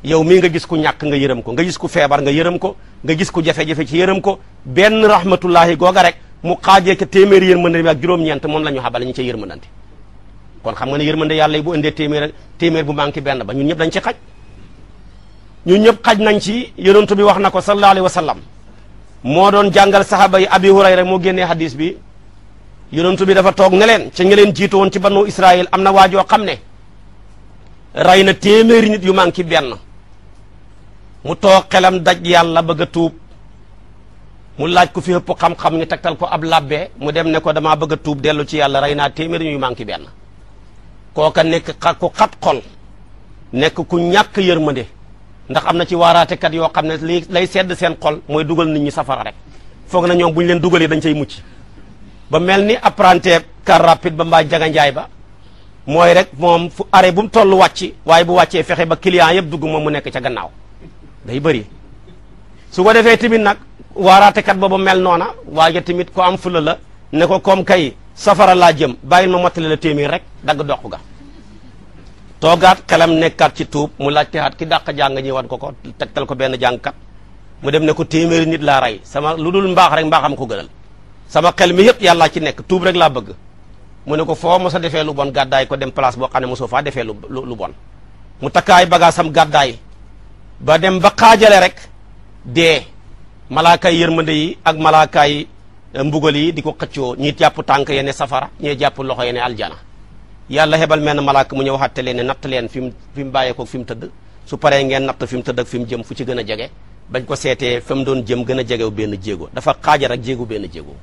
yow mii nga gis ku ñàkk nga yërëm ko nga gis ku feebar nga yërëm ko nga gis ku jafe-jafe ci yërëm ko benn rahmatullahi googa rek mu xaajee ca téeméeri yërmande bi a juróom-ñeent moom la ñu xabal ñi ca yërmandante kon xam nga ne yërmande yàlla yi bu indee téeméer téeméer bu manqué benn ba ñun ñëpp dañ ci xaj ñun ñëpp xaj nañ ci yonent bi wax na ko sallallahu alayhi wa sallam moo doon jàngal saxaaba yi abi hurayra moo génnee hadis bi yonent bi dafa toog ne leen ca ña leen jiitu woon ci banu israil am na waajoo xam ne rey na téeméeri nit yu manqué benn mu toog xelam daj yàlla bëgg a tuub mu laaj ko fi ëpp xam-xam ñu tegtal ko ab labbe mu dem ne ko damaa bëgg a tuub dellu ci yàlla rey naa téeméeri ñu manqué benn kooka nekk ku xat xol nekk ku ñàkk yërmande ndax am na ci waaraatekat yoo xam ne li lay sedd seen xol mooy dugal nit ñi safara rek foog na ñoom bu ñu leen dugalee dañ cay mucc ba mel ni apprenti car rapide ba mbaa jaganjaay ba mooy rek moom fu arrêt bu mu toll wàcc waaye bu wàccee fexe ba client yëpp dugg moom mu nekk ca gannaaw day bëri su ko defee tamit nag waaraatekat booba mel noona waaye tamit ko am fula la ne ko comme kay safara laa jëm bàyyi ma mottali la téeméer rek dagg dox ga toogaat xelam nekkaat ci tuub mu laaj texaat ki dàq jàng ñi wan ko ko tegtal ko benn jàngkat mu dem ne ko téeméeri nit laa rey sama lu dul mbaax rek mbaaxam ko gënal sama xel mi yëpp yàllaa ci nekk tuub rek laa bëgg mu ne ko foo mos a defee lu bon gàddaay ko dem place boo xam ne mosoo faa defee lu lu bon mu takkaay bagaasam gàddaay ba dem ba xaajale rek dee malaakaay yërmande ak malaakaay mbugal yi di ko xëccoo ñi jàpp tànk yene safara ñee jàpp loxo yene aljana yàlla hebal mel na malaaka mu ñëw xatte leen ne natt leen fi mu ko mu bàyyeekoo fi mu tëdd su paree ngeen natt fi mu tëdd ak fi mu jëm fu ci gën a jege bañ ko seetee fa mu doon jëm gën a jegew benn jéego dafa xaajar ak jéego benn jéego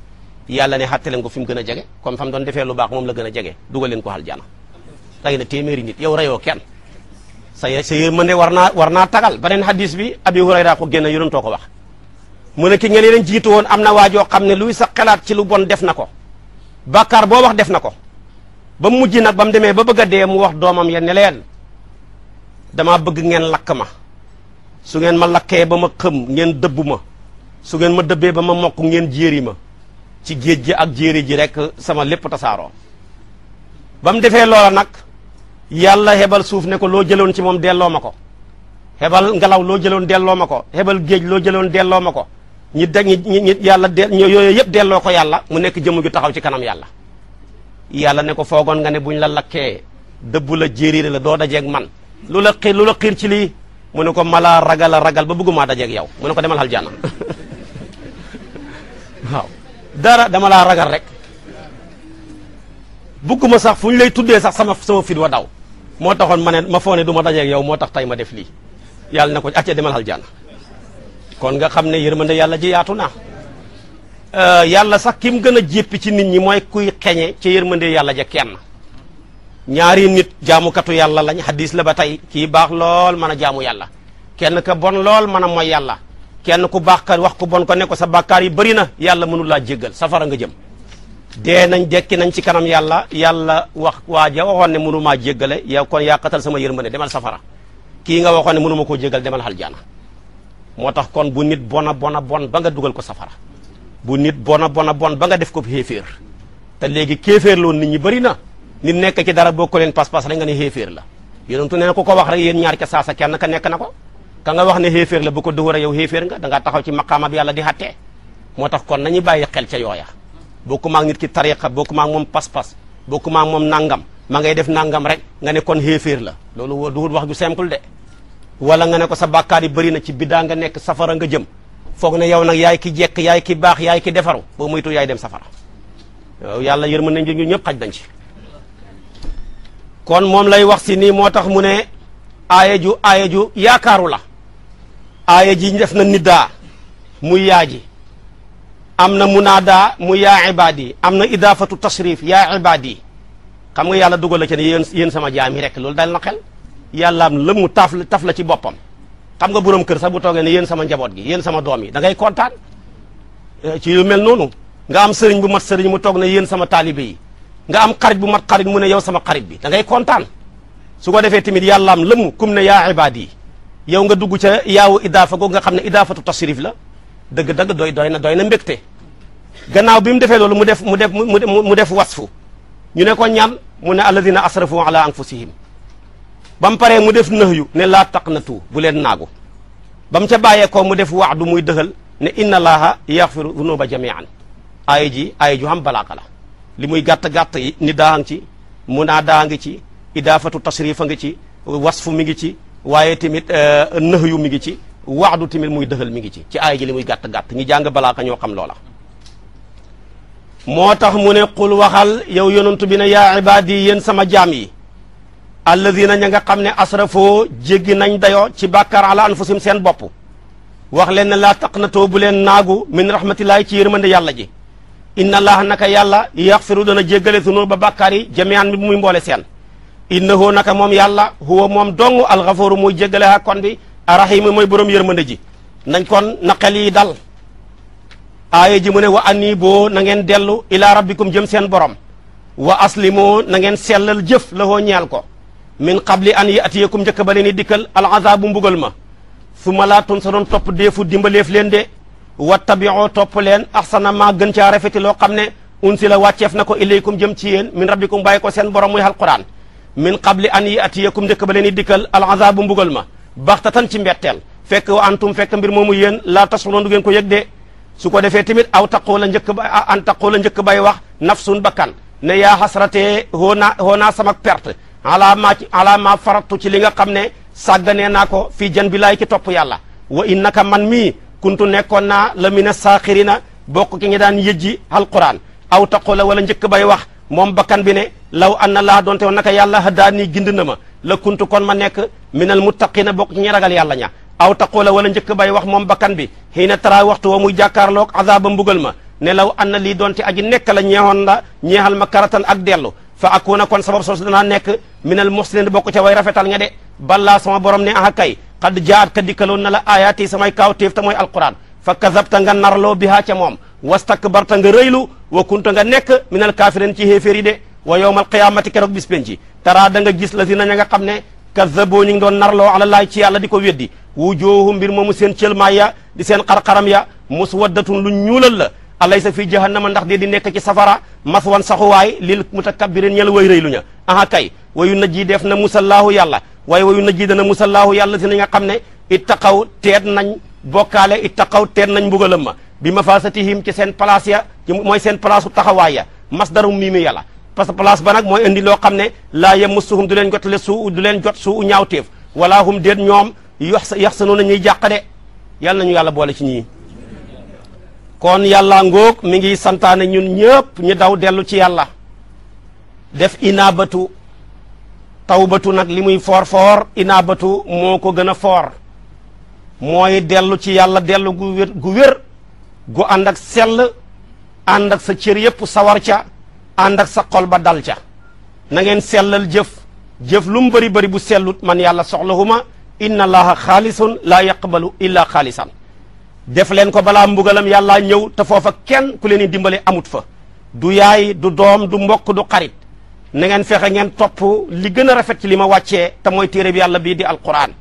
yàlla ne xatte leen ko fi mu gën a jege comme fa doon defee lu baax moom la gën a jege dugal leen ko aljana rey na téeméeri nit yow reyoo kenn sa sa yërmande war naa war naa tagal beneen hadis bi abi hurayra ko génn yu doon too ko wax mu ne ki ngeen leen jiitu woon am na waajoo xam ne luy sa xalaat ci lu bon def na ko bàkkaar boo wax def na ko ba mujj nag ba mu demee ba bëgg a dee mu wax doomam ya ne leen dama bëgg ngeen lakk ma su ngeen ma lakkee ba ma xëm ngeen dëbbu ma su ngeen ma dëbbee ba ma mokk ngeen jéeri ma ci géej gi ak jéeri ji rek sama lépp tasaaroo ba mu defee loola nag yàlla hebal suuf ne ko loo jëloon ci moom delloo ma ko hebal ngelaw loo jëloon delloo ma ko hebal géej loo jëloon delloo ma ko ñi dag ñi yàlla de yooyu yëpp delloo ko yàlla mu nekk jëmm ju taxaw ci kanam yàlla yàlla ne ko foogoon nga ne buñ la lakkee dëbb la jéeriire la doo dajeeg man lu la xiir lu la xiir ci lii mu ne ko ma malaa ragal a ragal ba bëggumaa dajeeg yow mu ne ko demal aljana waaw dama laa ragal rek bëgguma sax fu ñu lay tuddee sax sama sama fit wa daw moo taxoon ma ma foo du ma dajeeg yow moo tax tey ma def lii yàlla na ko acce demal aljana kon nga xam ne yërmande yàlla ji yaatu na euh, yàlla sax ki mu gën a jéppi ci nit ñi mooy kuy xeñe ci yërmande yàlla ja kenn ñaari nit jaamukatu yàlla lañ hadis la ba tey kii baax lool mën a jaamu yàlla kenn ka bon lool mën a mooy yàlla kenn ku baax ka wax ku bon ko ne ko sa bàkkaar yi bëri na yàlla mënu laa jéggal safara nga jëm dee nañ dekki nañ ci kanam yàlla yàlla wax waa ja waxoon ne mënu maa jéggale yow kon yàqatal sama yërmande demal safara kii nga waxoon ne mënu koo jéggal demal aljanna moo tax kon bu nit bona bona bon ba nga dugal ko safara bu nit bona bona bon ba nga def ko xéeféer te léegi kéeféer loon nit ñi bëri na nit nekk ci dara boo ko leen pas-pas rek nga ne xéeféer la yonentu nee na ku ko wax rek yéen ñaar ca saasa kenn ka nekk na ko ka nga wax ne xéeféer la bu ko dóor a yow xéeféer nga dangaa taxaw ci maqaama bi yàlla di xattee moo tax kon na nañu bàyyi xel ca yooya bokkuma ak nit ki tariqa bokkuma ak moom pas-pas bokkuma ak moom nangam ma ngay def nangam rek nga ne kon xéeféer la loolu woo duhul wax ju simple de wala nga ne ko sa bàkkaar yi bëri na ci biddaa nga nekk safara nga jëm foog na yow nag yaay ki jekk yaay ki baax yaay ki defaru boo moytu yaay dem safara yàlla yërmën nañ ñu ñëpp xaj nañ ci kon moom lay wax si nii moo tax mu ne aaya ju aaya ju yaakaaru la aaya ji def na niddaa muy yaa ji am na mu munaadaa mu yaa ibaadi am na idaafatu tasrif yaa ibaadi xam nga yàlla dugal la ci ne yéen yéen sama jaam yi rek loolu dal na xel yàllaam lëmm taf taf la ci boppam xam nga borom kër sax bu toogee ne yéen sama njaboot gi yéen sama doom yi dangay ngay kontaan eh, ci lu mel noonu nga am sëriñ bu mat sëriñ mu toog na yéen sama taalibe yi nga am xarit bu mat xarit mu ne yow sama xarit bi da ngay kontaan su ko defee tamit yàllaam lëmm kum ne yaa ibaad yi yow nga dugg ca yaawu idaafa goog nga xam ne idaafatu tasrif la dëgg-dëgg doy doy na doy na mbégte gannaaw bi mu defee loolu mu def mu def mu def wasfu ñu ne ko ñaan mu ne alladina asrafu ala anfusihim ba mu paree mu def nahyu ne laa taqnatu bu leen naagu ba mu ca bàyyeekoo mu def wa'du muy dëxal ne inna allaha yaxfiru dunuba jamian aaya ji aaya ju balaaka la li muy gàtt-gàtt yi ni daa ngi ci munaadaa ngi ci idaafatu tasrifa ngi ci wasfu mi ngi ci waaye tamit eh, nahyu mi ngi ci wa'du tamit muy dëxal mi ngi ci ci aaya li muy gàtt-gàtt ñi jàng balaaka ñoo xam loola moo tax mu ne qul waxal yow yonantu bi ne sama jaam yi alladina ña nga xam ne asrafoo jéggi nañ dayoo ci bàkkaar ala anfusim seen bopp wax leen ne laa taqnatoo bu leen naagu min rahmatillahi ci yërmande yàlla ji inna allaha naka yàlla yaxfiru dana jéggale sunu ba bàkkaar yi jamian bi muy mboole seen innahu naka moom yàlla huwa moom dong alxafooru muy jéggale ha kon bi arahima mooy borom yërmande ji nañ kon na xel yi dal aaya ji mu ne wa aniiboo na ngeen dellu ila rabbikum jëm seen borom wa aslimoo na ngeen sellal jëf la hoo ko min qabli an yatiyakum njëkk ba leen i dikkal al azaabu mbugal ma summa laa tunsaroon topp deefu dimbaleef leen de wa tabioo topp leen axsana maa gën caa rafeti loo xam ne unsila wàcceef na ko ilaykum jëm ci yéen min rabbikum bàyyi ko seen borom muy alquran min qabli an yatiyakum njëkk ba leen i dikkal al azaabu mbugal ma baxtatan ci mbetteel fekk wa antum fekk mbir moomu yéen laa tasuloon du ngeen ko yëg de su ko defee tamit aw taqoo la njëkk ba an taqoo la njëkk bay wax nafsun bakkan ne yaa xasratee hoo naa naa samak perte ala ma ala ma faratu ci li nga xam ne sàgganee naa ko fii jan bi laay ki topp yàlla wa innaka man mi kuntu nekkoon naa la mina saaxirina bokk ki nga daan yëjji alquran aw taqoola wala njëkk bay wax moom bakkan bi ne law an na laa doonte woon naka yàlla hadaa ni gind na ma la kuntu kon ma nekk minal muttaqina bokk ci ñi ragal yàlla ña aw taqula wala njëkk bay wax moom bakkan bi xëy na tara waxtu wa muy jàkkaarloog azaaba mbugal ma ne law an na lii doonte aji nekk la ñeexoon la ñeexal ma karatan ak dellu fa akuna kon sabab soosu danaa nekk minal muhsinin bokk ca way rafetal nga de balla sama borom ne ah kay xad jaat ka dikkaloon na la ayaati samay kaawteef te mooy alquran fa kazabta nga narloo bihaa ca moom wastakbarta nga rëylu wa kunta nga nekk minal kaafirin ci xéeféer yi de wa yawmal qiyaamati keroog bis penci taraa da nga gis la si naña nga xam ne kazzaboo ñu ngi doon narloo ala laay ci yàlla di ko weddi wujuuhu mbir moomu seen cëlmaay ya di seen xarxaram ya muswaddatun lu ñuulal la alaysa fii jahannama ndax dee di nekk ci safara maswan saxuwaay lil mutakabbirin ñel way rëylu ña aha kay wayu najji def na musallaahu yàlla waaye wayu najji dana musallaahu yàlla si na nga xam ne ittaqaw teet nañ bokkaale ittaqaw teet nañ mbugalam ma bi mafasatihim ci seen place ya mooy seen place u taxawaay ya masdarum mii mi yàlla parce que place ba nag mooy indi loo xam ne laa yamassuhum du leen jotale suu du leen jot su suu ñaawteef wala hum déet ñoom yax yax sanoon na ñuy jàq yàlla nañu yàlla boole ci ñii kon yàlla ngóog mi ngi santaane ñun ñëpp ñu daw dellu ci yàlla def inaabatu batu nag li muy foor foor inaabatu moo ko gën a foor mooy dellu ci yàlla dellu gu wér gu wér sell ànd sa cër yëpp sawar ca ànd ak sa xol ba dal ca na ngeen sellal jëf jëf lu mu bëri bëri bu sellut man yàlla soxlahuma inna allaha xaalisun laa balu illa xaalisan def leen ko balaa mbugalam yàllaa ñëw te foofa kenn ku leen di amut fa du yaay du doom du mbokk du xarit na ngeen fexe ngeen topp li gën a rafet ci li ma wàccee te mooy téere bi yàlla bii di alquran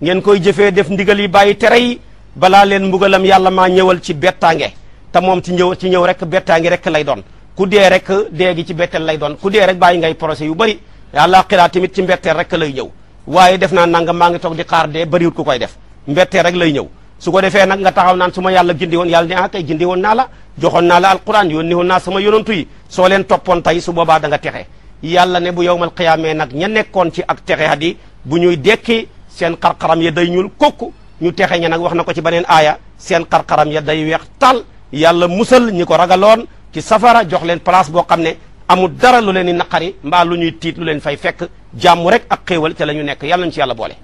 ngeen koy jëfee def ndigal yi bàyyi tere balaa leen mbugalam yàlla maa ñëwal ci bettaange te moom ci ñëw ci ñëw rek bettaange rek lay doon ku dee rek dee ci betteel lay doon ku dee rek bàyyi ngay procès yu bëri yàlla xiraa tamit ci mbetteel rek lay ñëw waaye naa nanga maa ngi toog di xaar dee koy def mbetteel rek lay ñëw su ko defee nag nga taxaw naan suma ma yàlla gindi woon yàlla ne ah kay gindi naa la joxoon naa la alquran yónni woon naa sama yonantu yi soo leen toppoon tey su boobaa da nga texe yàlla ne bu yowmal xiyaamee nag ña nekkoon ci ak texe at bu ñuy dekki seen xarxaram ya day ñuul kokku ñu texe ña nag wax na ko ci beneen aaya seen xarxaram ya day weex tal yàlla musal ñu ko ragaloon ci safara jox leen place boo xam ne amul dara lu leen di naqari mbaa lu ñuy tiit leen fay fekk jàmm rek ak xéewal ca la ñu nekk yàlla ñu ci yàlla boole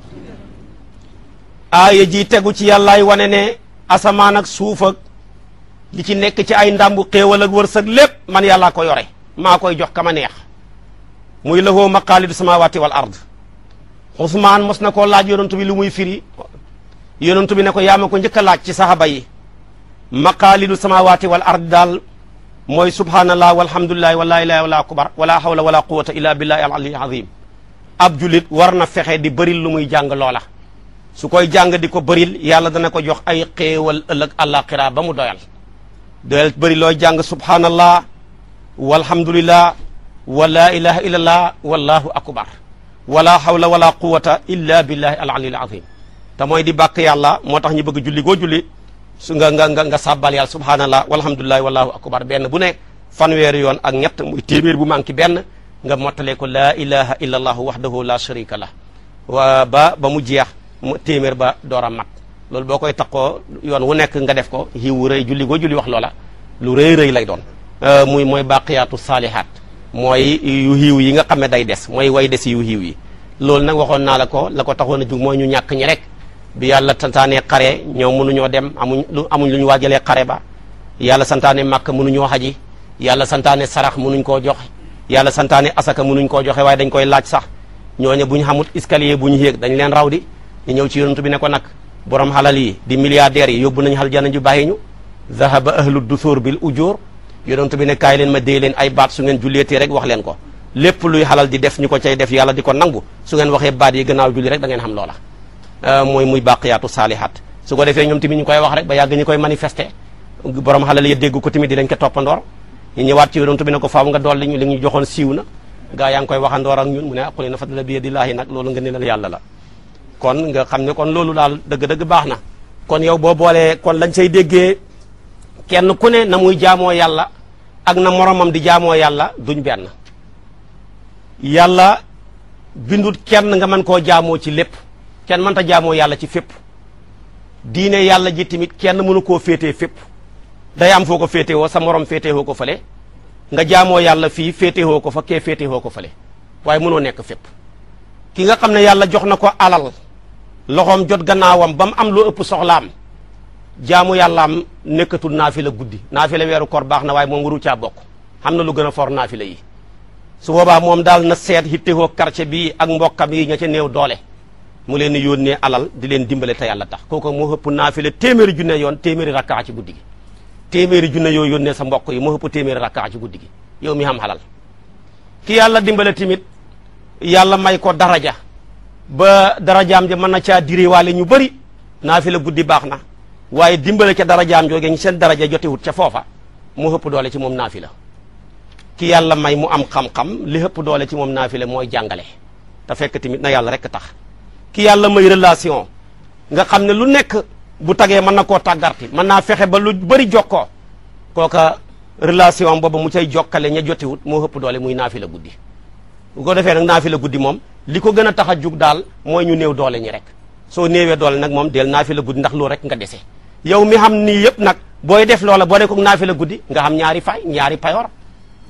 aaya ji tegu ci yàllaay wane ne asamaan ak suuf li ci nekk ci ay ndàmbu xéewal ak wërsëg lépp man yàllaa ko yore maa koy jox ka ma neex muy lahoo maqaalidu samawati wal ard Usmaan mos na koo laaj yonentu bi lu muy firi yonentu bi ne ko yaa ma ko njëkk laaj ci saxaba yi maqaalidu samawati wal ard daal mooy subhaanallah walhamdulilahi wala ilaha wala akbar wala hawla wala quwata illa billahi al aliyyil azim ab julit war na fexe di bëri lu muy jàng loola su koy jàng di ko bëril yàlla dana ko jox ay xéewal ëllëg àllaaxira ba mu doyal doyal bëri looy jàng subhanallah walhamdulillah wa laa ilaha illallah wallahu akbar wala hawla wala quwata illa billahi al aliyil azim te mooy di bàkk yàlla moo tax ñu bëgg julli goo julli su nga nga nga nga sàbbal yàlla subhanallah walhamdulillahi wallahu akbar benn bu ne fanweeri yoon ak ñett muy téeméer bu manqué benn nga mottalee ko laa ilaha illa allahu wahdahu la sharika lah wa ba ba mu jeex mu téeméer ba door a mat loolu boo koy takkoo yoon wu nekk nga def ko xiiw wu rëy julli goo julli wax loola lu rëy rëy lay doon euh, muy mooy baqiyaatu saalihaat mooy yu xiiw yi nga xam ne day des mooy way des yu xiiw yi loolu nag waxoon naa la ko la ko taxoon a jug mooy ñu ñàkk ñi rek bi yàlla santaane xare ñoom mënuñoo dem amuñ lu amuñ lu ñu waajalee xare ba yàlla santaane màkk mënuñoo xaji yàlla santaane sarax mënuñ koo joxe yàlla santaane asaka mënuñ koo joxe waaye dañ koy laaj sax ñooñu bu ñu xamut escalier bu ñu yéeg dañ leen raw di ñu ñëw ci yonent bi ne ko nag borom xalal yi di milliardaires yi yóbbu nañ aljana ji bàyyi ñu zahaba ahlu dusuur bil ujur yonent bi ne kaay leen ma dee leen ay baat su ngeen julleetee rek wax leen ko lépp luy xalal di def ñu ko cay def yàlla di ko nangu su ngeen waxee baat yi gannaaw julli rek da ngeen xam loola ah, mooy muy bàqiyaatu saalihaat su ko defee ñoom tamit ñu koy wax rek ba yàgg ñu koy manifesté borom xalal ya dégg ko tamit di dañ ko toppandoor ñu ñëwaat ci yonent bi ne na gaa nga ne la yàlla kon nga xam ne kon loolu daal dëgg-dëgg baax na kon yow boo boolee kon lañ say déggee kenn ku ne na muy jaamoo yàlla ak na moromam di jaamoo yàlla duñ benn yàlla bindut kenn nga mën koo jaamoo ci lépp kenn mënta jaamoo yàlla ci fépp diine yàlla ji tamit kenn mënu koo féetee fépp day am foo ko féetewoo sa morom féetewoo ko fale nga jaamoo yàlla fii féetewoo ko fa kee féetewoo ko fale waaye mënoo nekk fépp ki nga xam ne yàlla jox na ko alal loxoom jot gannaawam ba mu am loo ëpp soxlaam jaamu yàllaam nekkatul naafila guddi naafila weeru koor baax na waaye moom waru caa bokk xam na lu gën a for naafila yi su boobaa moom daal na seet hittewoo quartier bi ak mbokkam yi ña ca néew doole mu leen di yónnee alal di leen dimbale te yàlla tax kooku moo ëpp naafila téeméeri junne yoon téeméeri rakkaa ci guddi gi téeméeri junne yoo yónnee sa mbokk yi moo ëpp téeméeri rakkaa ci guddi gi yow mi xam xalal dimbale tamit yàlla may ko daraja ba darajaam ja mën na caa diri waale ñu bëri naa fi la guddi baax na waaye dimbale ca darajaam jooge ñu seen daraja jotewut ca foofa mu hëpp doole ci moom naa fi la ki yàlla may mu am xam li hëpp doole ci moom naa fi la mooy jàngale te fekk tamit na yàlla rek tax ki yàlla may relation nga xam ne lu nekk bu tagee mën na koo tàggarti mën naa fexe ba lu bëri jokkoo kooka relation booba mu cay jokkale ña jotiwut moo hëpp doole muy naa fi la guddi bu ko defee nag naa fi la guddi moom li ko gën a tax a jug daal mooy ñu néew doole ñi rek soo néewee doole nag moom del la guddi ndax loolu rek nga dese yow mi xam nii yëpp nag booy def loola boo ko naafila guddi nga xam ñaari fay ñaari payoor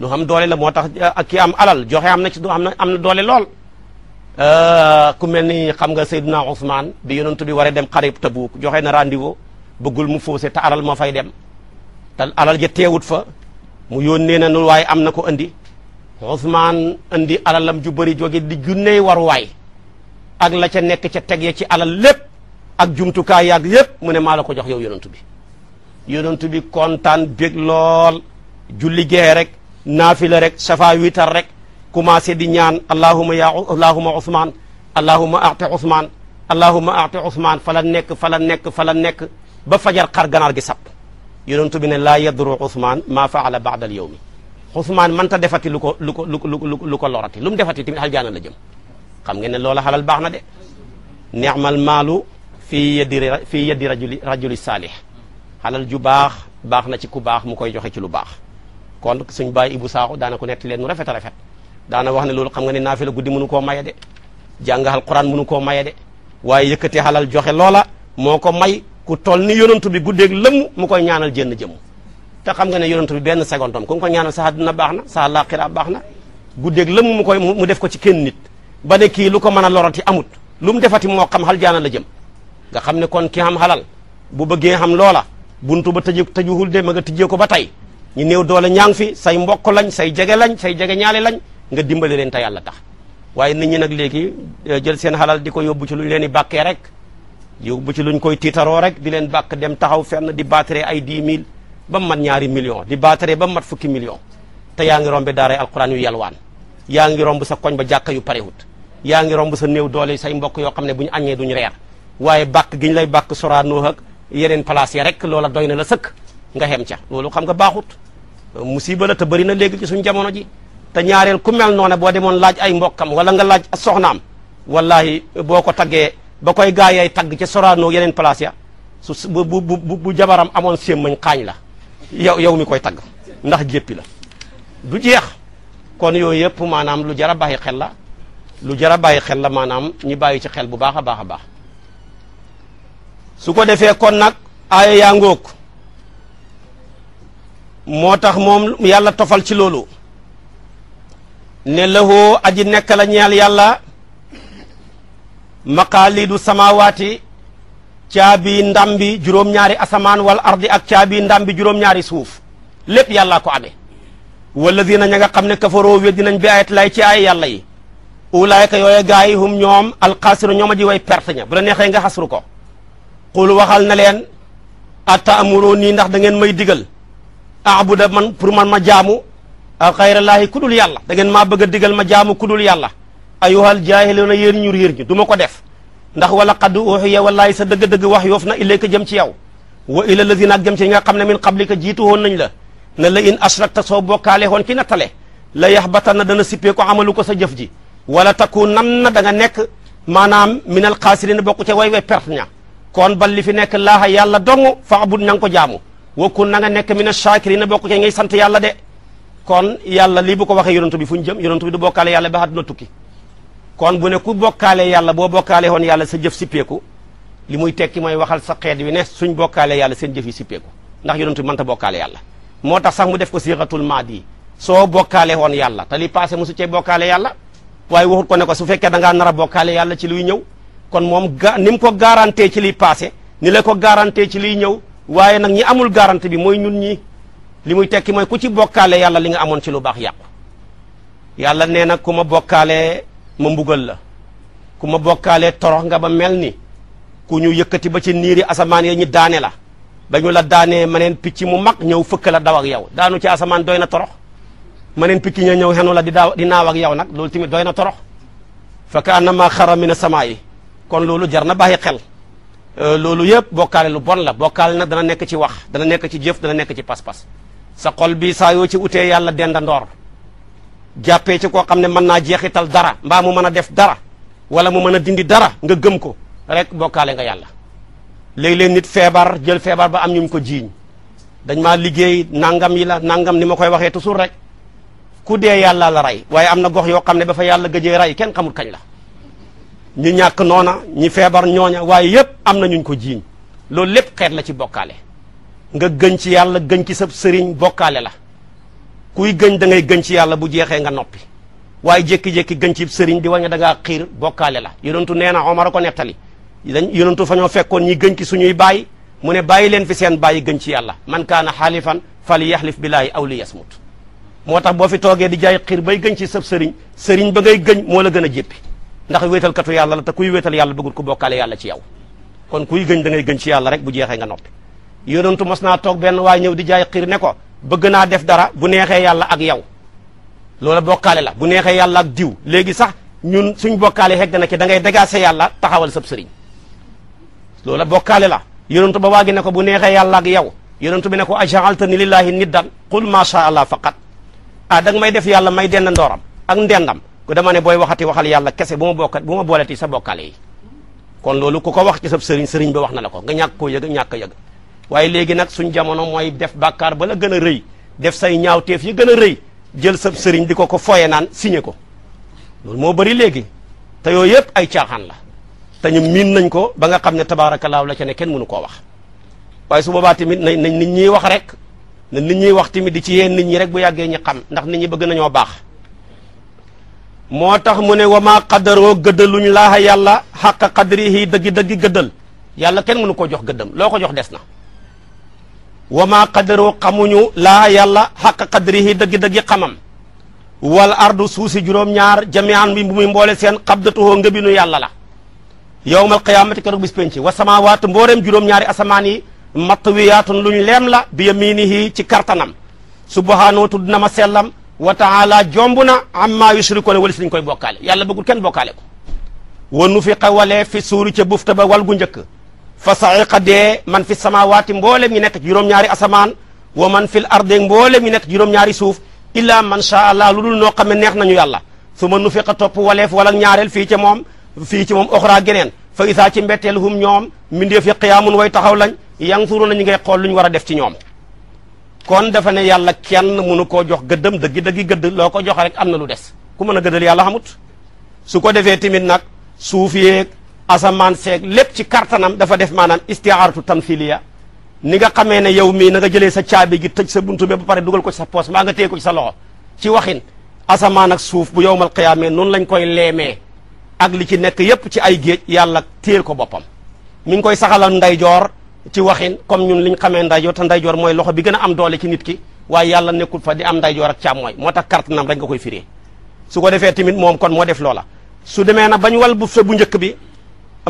loo xam doole la moo tax ak ki am alal joxe am na ci am am na doole lool euh, ku mel ni xam nga Seydina Ousmane bi yonentu bi war a dem xarib Tabuuk joxe na rendez-vous bëggul mu foosé te alal moo fay dem ta alal ja teewut fa mu yónnee na nu waaye am na ko andi Ousmane indi alalam ju bëri jóge di junney waruwaay ak la ca nekk ca teg ya ci alal lépp ak jumtukaay yaag yépp mu ne maa la ko jox yow yonantu bi yonantu bi kontaan bég lool julli gee rek naafila rek safa witar rek commencé di ñaan allahuma ya allahuma Ousmane allahuma aati Ousmane allahuma aati Ousmane fa la nekk fa la nekk fa la nekk ba fajar xar ganaar gi sap yonantu bi ne laa yadru Ousmane maa faala baada al yawmi Ousmane mën ta defati lu ko lu ko lu ko lu ko lorati lu mu defati tamit aljaana la jëm xam ngeen ne loola xalal baax na de ni'mal maalu fii yadi fii yadi rajuli rajuli saalih xalal ju baax baax na ci ku baax mu koy joxe ci lu baax kon suñ bàyyi Ibou Sakho daana ku nett leen nu rafet rafet daana wax ne loolu xam nga ne naafila guddi mënu koo maye de jàng alquran mënu koo maye de waaye yëkkati xalal joxe loola moo ko may ku toll ni yonantu bi guddeeg lëmm mu koy ñaanal jënn jëmm te xam nga ne yonent bi benn seconde ku nga ko ñaanal sa àdduna baax na sa laaxira baax na guddeeg lëmm mu koy mu def ko ci kenn nit ba ne kii lu ko mën a lorati amut lu mu defati moo xam xal jaana la jëm nga xam ne kon ki xam xalal bu bëggee xam loola buntu ba tëj tëjuwul de ma nga tijjee ko ba tey ñu néew doole ñaa ngi fi say mbokk lañ say jege lañ say jege ñaale lañ nga dimbale leen te yàlla tax waaye nit ñi nag léegi e, jël seen xalal di ko yóbbu ci lu leen di bàkkee rek yóbbu ci luñ koy tiitaroo rek di leen bàkk dem taxaw fenn di battre ay 10 000 ba mu mat ñaari million di baatare ba mu mat fukki million te yaa ngi rombe daaray alquran yu yalwaan yaa ngi romb sa koñ ba jàkka yu parewut yaa ngi romb sa néew doole say mbokk yoo xam ne bu ñu aññee duñu reer waaye bàkk gi ñu lay bàkk soraanoo ak yeneen place ya rek loola doy na la sëkk nga xem ca loolu xam nga baaxut musiba la te bari na léegi ci suñ jamono ji te ñaareel ku mel noone boo demoon laaj ay mbokkam wala nga laaj soxnaam wallahi boo ko taggee ba koy gaayay tagg ca soraanoo yeneen place ya su bu bu bu jabaram amoon sémmañ xaañ la yow yow mi koy tagg ndax jéppi la du jeex kon yooyu yëpp maanaam lu jar a bàyyi xel la lu jar a bàyyi xel la maanaam ñi bàyyi ci xel bu baax a baax a baax su ko defee kon nag aaya yaa ngóog moo tax moom yàlla tofal ci loolu ne lahoo aji nekk la lii du sama samaawaati caabi ndambi juróom-ñaari asamaan wal ardi ak caabi ndambi juróom-ñaari suuf lépp yàllaa ko amee walladina ña nga xam ne kafaroo weddi nañ bi ayat lay ci ay yàlla yi ulaayka yooye gaay yi hum ñoom alxaasiru ñooma ji way perte ña bu la neexee nga xasru ko qul waxal na leen ataamuroo nii ndax da ngeen may digal abuda man pour man ma jaamu xayrallaahi ku dul yàlla da ngeen maa bëgg a digal ma jaamu ku dul yàlla ayuhal jaahiluuna yéen ñur yér ñu du ma ko def ndax wala qad uxiya wallaay sa dëgg-dëgg wax yoof na ilayka jëm ci yow wa ila lazina ak jëm ci ñi nga xam ne min qablika jiitu woon nañ la ne la in ashrakta soo bokkaale woon ci nattale la yaxbata na dana sippee ko amalu ko sa jëf ji wala takku nan na da nga nekk maanaam minal xaasirina bokku ca way way perte ña kon bal li fi nekk laaha yàlla dong faabud na nga ko jaamu wa kun na nga nekk mina shaakirina bokku ca ngay sant yàlla de kon yàlla lii bu ko waxee yonent bi fu ñu jëm kon bu ne ku bokkaale yàlla boo bokkaale woon yàlla sa jëf sippeeku li muy tekki mooy waxal sa xeet wi ne suñ bokkaale yàlla seen jëf yi sippeeku ndax yonentu mënta bokkaale yàlla moo tax sax mu def ko siratul maadi soo bokkaale woon yàlla te li passé mosu cee bokkaale yàlla waaye waxut ko ne ko su fekkee da ngaa bokkaale yàlla ci luy ñëw kon moom ga ni mu ko garanté ci li passé ni la ko garante ci liy ñëw waaye nag ñi amul garanti bi mooy ñun ñi li muy tekki mooy ku ci bokkaale yàlla li nga amoon ci lu baax yàqu yàlla nee na ku ma bokkaale ma mbugal la ku ma bokkaalee torox nga ba mel ni ku ñu yëkkati ba ci niiri asamaan ya ñu daane la ba ñu la daanee maneen picc mu mag ñëw fëkk la daw ak yow daanu ci asamaan doy na torox maneen picc ña ñëw xenu la di daaw di naaw ak yow nag loolu tamit doy na torox maa kaannamaa mi na samaay kon loolu jar na bàyyi xel euh, loolu yëpp bokkaale lu bon la bokkaale nag dana nekk ci wax dana nekk ci jëf dana nekk ci pas-pas sa xol bi saa yoo ci utee yàlla dendandoor jàppee ci ko xam ne mën naa jeexital dara mbaa mu mën a def dara wala mu mën a dindi dara nga gëm ko rek bokkaale nga yàlla léeg-léeg nit feebar jël feebar ba am ñu ko jiiñ dañ maa liggéey nangam yi la nangam ni ma koy waxee toujours rek ku dee yàlla la rey waaye am na gox yoo xam ne ba fa yàlla gëjee rey kenn xamul kañ la ñu ñàkk noona ñi feebar ñooña waaye yëpp am na ñuñ ko jiiñ loolu lépp xeet la ci bokkaale nga gën ci yàlla gën ci sab sëriñ bokkaale la kuy gëñ da ngay gëñ ci yàlla bu jeexee nga noppi waaye jékki-jékki gëñ ci sëriñ di waññe da ngaa xiir bokkaale la yonentu nee na Omar a ko nettali dañ yonentu fa ñoo fekkoon ñi gëñ ci suñuy baay mu ne bàyyi leen fi seen bàyyi gën ci yàlla man kaana xaalifan fali yaxlif billaahi aw li yasmut moo tax boo fi toogee di jaay xiir bay gëñ ci sëb sëriñ sëriñ ba ngay gëñ moo la gën a jéppi ndax wéetalkatu yàlla la te ku wéetal yàlla bëggul ko bokkaale yàlla ci yow kon kuy gëñ da ngay ci yàlla rek bu jeexee nga noppi yonentu mos naa toog benn waay ñëw di jaay xiir ne ko bëgg naa def dara bu neexee yàlla ak yow loola bokkaale la bu neexee yàlla ak diw léegi sax ñun suñ bokkaale xeg na ki da ngay dégaase yàlla taxawal sab sëriñ loola bokkaale la yonentu ba waa gi ne ko bu neexee yàlla ak yow yonentu bi ne ko ajaaltani lillahi niddan qul macha allah faqat ah da nga may def yàlla may dend ndooram ak ndendam ku dama ne booy waxati waxal yàlla kese bu ma bokkat bu ma booleti sa bokkale yi kon loolu ku ko wax ci sab sëriñ sëriñ ba wax na la ko nga ñàkk koo yëg ñàkk yëg waaye léegi nag suñ jamono mooy def bàkkaar ba la gën a rëy def say ñaaw teef yi gën a rëy jël sab sëriñ di ko ko foye naan signé ko loolu moo bari léegi te yooyu yëpp ay caaxaan la te ñu miin nañ ko ba nga xam ne tabaarakallaahu la ca ne kenn mënu koo wax waaye su boobaa tamit nañ nañ nit ñiy wax rek na nit ñiy wax tamit di ci yéen nit ñi rek bu yàggee ñi xam ndax nit ñi bëgg nañoo baax moo tax mu ne wa maa qadaroo gëddaluñ laaha yàlla xàq qadrihi dëggi dëggi yàlla kenn mënu koo jox gëddam loo ko jox des na wa maa qadaru xamuñu laa yàlla xaq qadrihi dëgg-dëggi xamam wal ardu suuf si juróom-ñaar jami'an bi bu muy mboole seen xabdatuhoo ngëbinu yàlla la yawmal qiyaamati keroog bis penc wa samaawaat mbooreem juróom-ñaari asamaan yi matwiyaatun luñ leem la bi yaminihi ci kartanam subhaanahu tudd na ma sellam wa taala jomb na amma yushrikuuna walis liñ koy bokkaale yàlla bëggul kenn bokkaale ko wa nufiqa walee fi suuri ca bufta ba wal gu njëkk fa saxiqa dee man fi samawaati mboolem ñi nekk juróom-ñaari asamaan wa man fil arde mboolem ñi nekk juróom-ñaari suuf illa man sha allah lu dul noo xam ne neex nañu yàlla su ma nu fiqa topp waleef wala ñaareel fii ci moom fii ci moom oxraa geneen fa isaa ci mbetteel hum ñoom mbindeef yi xiyaamun way taxaw lañ yanzuru na ñu ngay xool lu ñu war a def ci ñoom kon dafa ne yàlla kenn mënu koo jox gëddam dëggi dëggi gëdd loo ko jox rek am na lu des ku mën a gëddal yàlla xamut su ko defee tamit nag asamaan seeg lépp ci kartanam dafa def maanaam istiaaratu tamthiliya ni nga xamee ne yow mii na nga jëlee sa caabi gi tëj sa buntu bi ba pare dugal ko ci sa poos maa nga teeg ko ci sa loxo ci waxin asamaan ak suuf bu yowmal qiyaamee noonu lañ koy leemee ak li ci nekk yépp ci ay géej yàlla téel ko boppam mi ngi koy saxalal ndeyjoor ci waxin comme ñun liñ xamee ndeyjoor te ndeyjoor mooy loxo bi gën a am doole ci nit ki waaye yàlla nekkul fa di am ndeyjoor ak càmmooñ moo tax kartanam rek nga koy firee su ko defee tamit moom kon moo def loola njëkk bi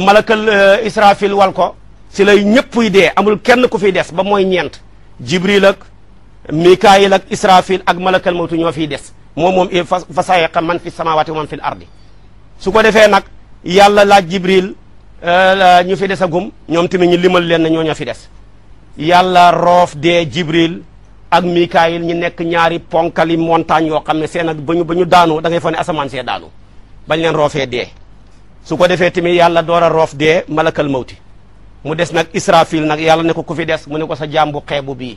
malakal euh, israfil wal ko si lay ñëppuy dee amul kenn ku fiy des ba mooy ñeent jibril ak mikaayil ak israfil ak malakal mawtu ñoo fiy des moom moom eh, fa sayeqa man fi samawati man fil ardi su ko defee nag yàlla laaj jibril euh, ñu fi des agum ñoom tamit ñu limal leen na ñoo ñoo fi des yàlla roof dee jibril ak mikaayil ñu nekk ñaari ponkali montagne yoo xam ne seen ak ba ñu ba ñu daanoo da ngay fa ne asamaan see daanu bañ leen roofee dee su ko defee tamit yàlla door a roof dee malakal mawti mu des nag israfil nag yàlla ne ko ku fi des mu ne ko sa jàmbu xeebu bii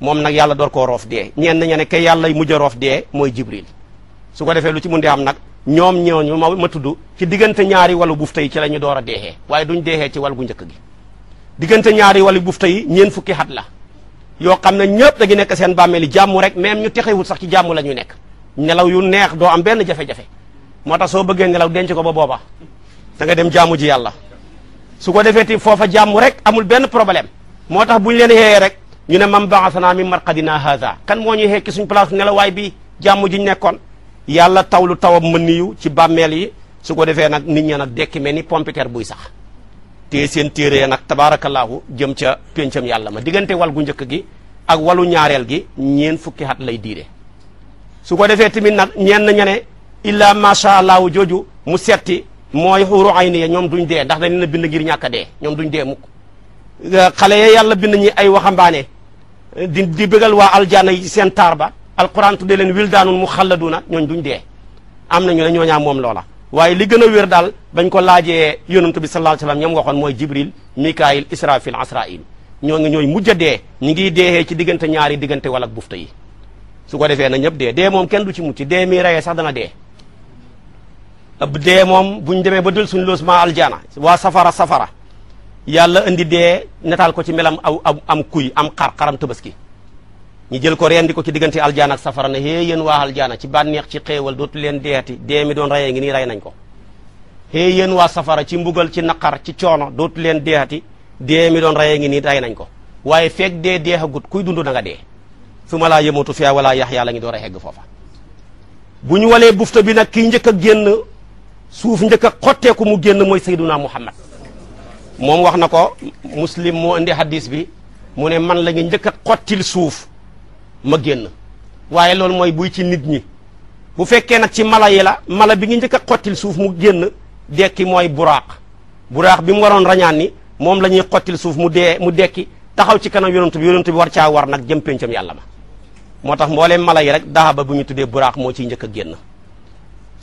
moom nag yàlla door koo roof dee ñeen ña ne ke yàlla mujj a roof dee mooy jibril su ko defee lu ci mun di am nag ñoom ñooñu ma ma tudd ci diggante ñaari walu bufta yi ci la ñu door a deexee waaye duñ deexee ci wal gu njëkk gi diggante ñaari walu bufta yi ñeen fukki xat la yoo xam ne ñëpp da ngi nekk seen bàmmeeli jàmm rek même texewul sax ci jàmm la ñu nekk nelaw yu neex doo am benn jafe moo tax soo bëggee nelaw dence ko ba booba da nga dem jaamu ji yàlla su ko defee ti foofa jaamu rek amul benn problème moo tax bu ñu leen xeeyee rek ñu ne mam baasanaa mi marqadina haza kan moo ñuy xekki suñ place nelawaay bi jaamu ji nekkoon yàlla tawlu tawam mën niyu ci bàmmeel yi su ko defee nag nit ña nag mel ni pompiteer buy sax te seen téere nag tabaarakallaahu jëm ca péncam yàlla ma diggante wal gu njëkk gi ak walu ñaareel gi ñeen fukki at lay diire ko defee tamit nag ñeen ñene illa macha allahu jooju mu setti mooy xuuru ayni ya ñoom duñ dee ndax na leen bind ngir ñàkk a dee ñoom duñ dee mukk xale ya yàlla bind ñi ay waxambaane di di bëggal waa aljaana yi seen taar ba alquran tuddee leen wildaanun mu xalladuna ñooñ duñ dee am nañu ne ñooñaa moom loola waaye li gën a wér daal bañ ko laajee yonent bi sallallahu alayhi wasallam ñoom waxoon mooy jibril mikaayil israfil asrail ñoo ngi ñooy mujj a dee ñi ngi deexee ci diggante ñaari diggante wala bufta yi su ko defee na ñëpp dee dee moom kenn du ci mucc dee mi rayee sax dana dee dee moom buñ demee ba dul suñ loos ma aljana waa safara safara yàlla indi dee netaal ko ci melam aw am am kuy am xar xaram tabaski ñu jël ko rendi ko ci diggante aljana ak safara na hee yéen waa aljana ci bànneex ci xéewal dootu leen deeti dee mi doon rayee ngi nii rey nañ ko hee waa safara ci mbugal ci naqar ci coono dootu leen deeti dee mi doon rayee ngi nii rey nañ ko waaye feeg dee deexagut kuy dund na nga dee su ma laa yëmootu fiyaa walaa yax ñu walee bufta bi nag suuf njëkk a xotteeku mu génn mooy sayduna muhammad moom wax na ko muslim moo indi hadis bi mu ne man la njëkk a xottil suuf ma génn waaye loolu mooy buy ci nit ñi bu fekkee nag ci mala yi la mala bi nga njëkk a xottil suuf mu génn dekki mooy buraaq buraaq bi mu waroon rañaan ni moom la ñuy xottil suuf mu dee mu dekki taxaw ci kanam yonent bi yonent bi war caa war nag jëm péncam yàlla ma moo tax mbooleem mala yi rek dahaba bu ñu tuddee buraaq moo ci njëkk a génn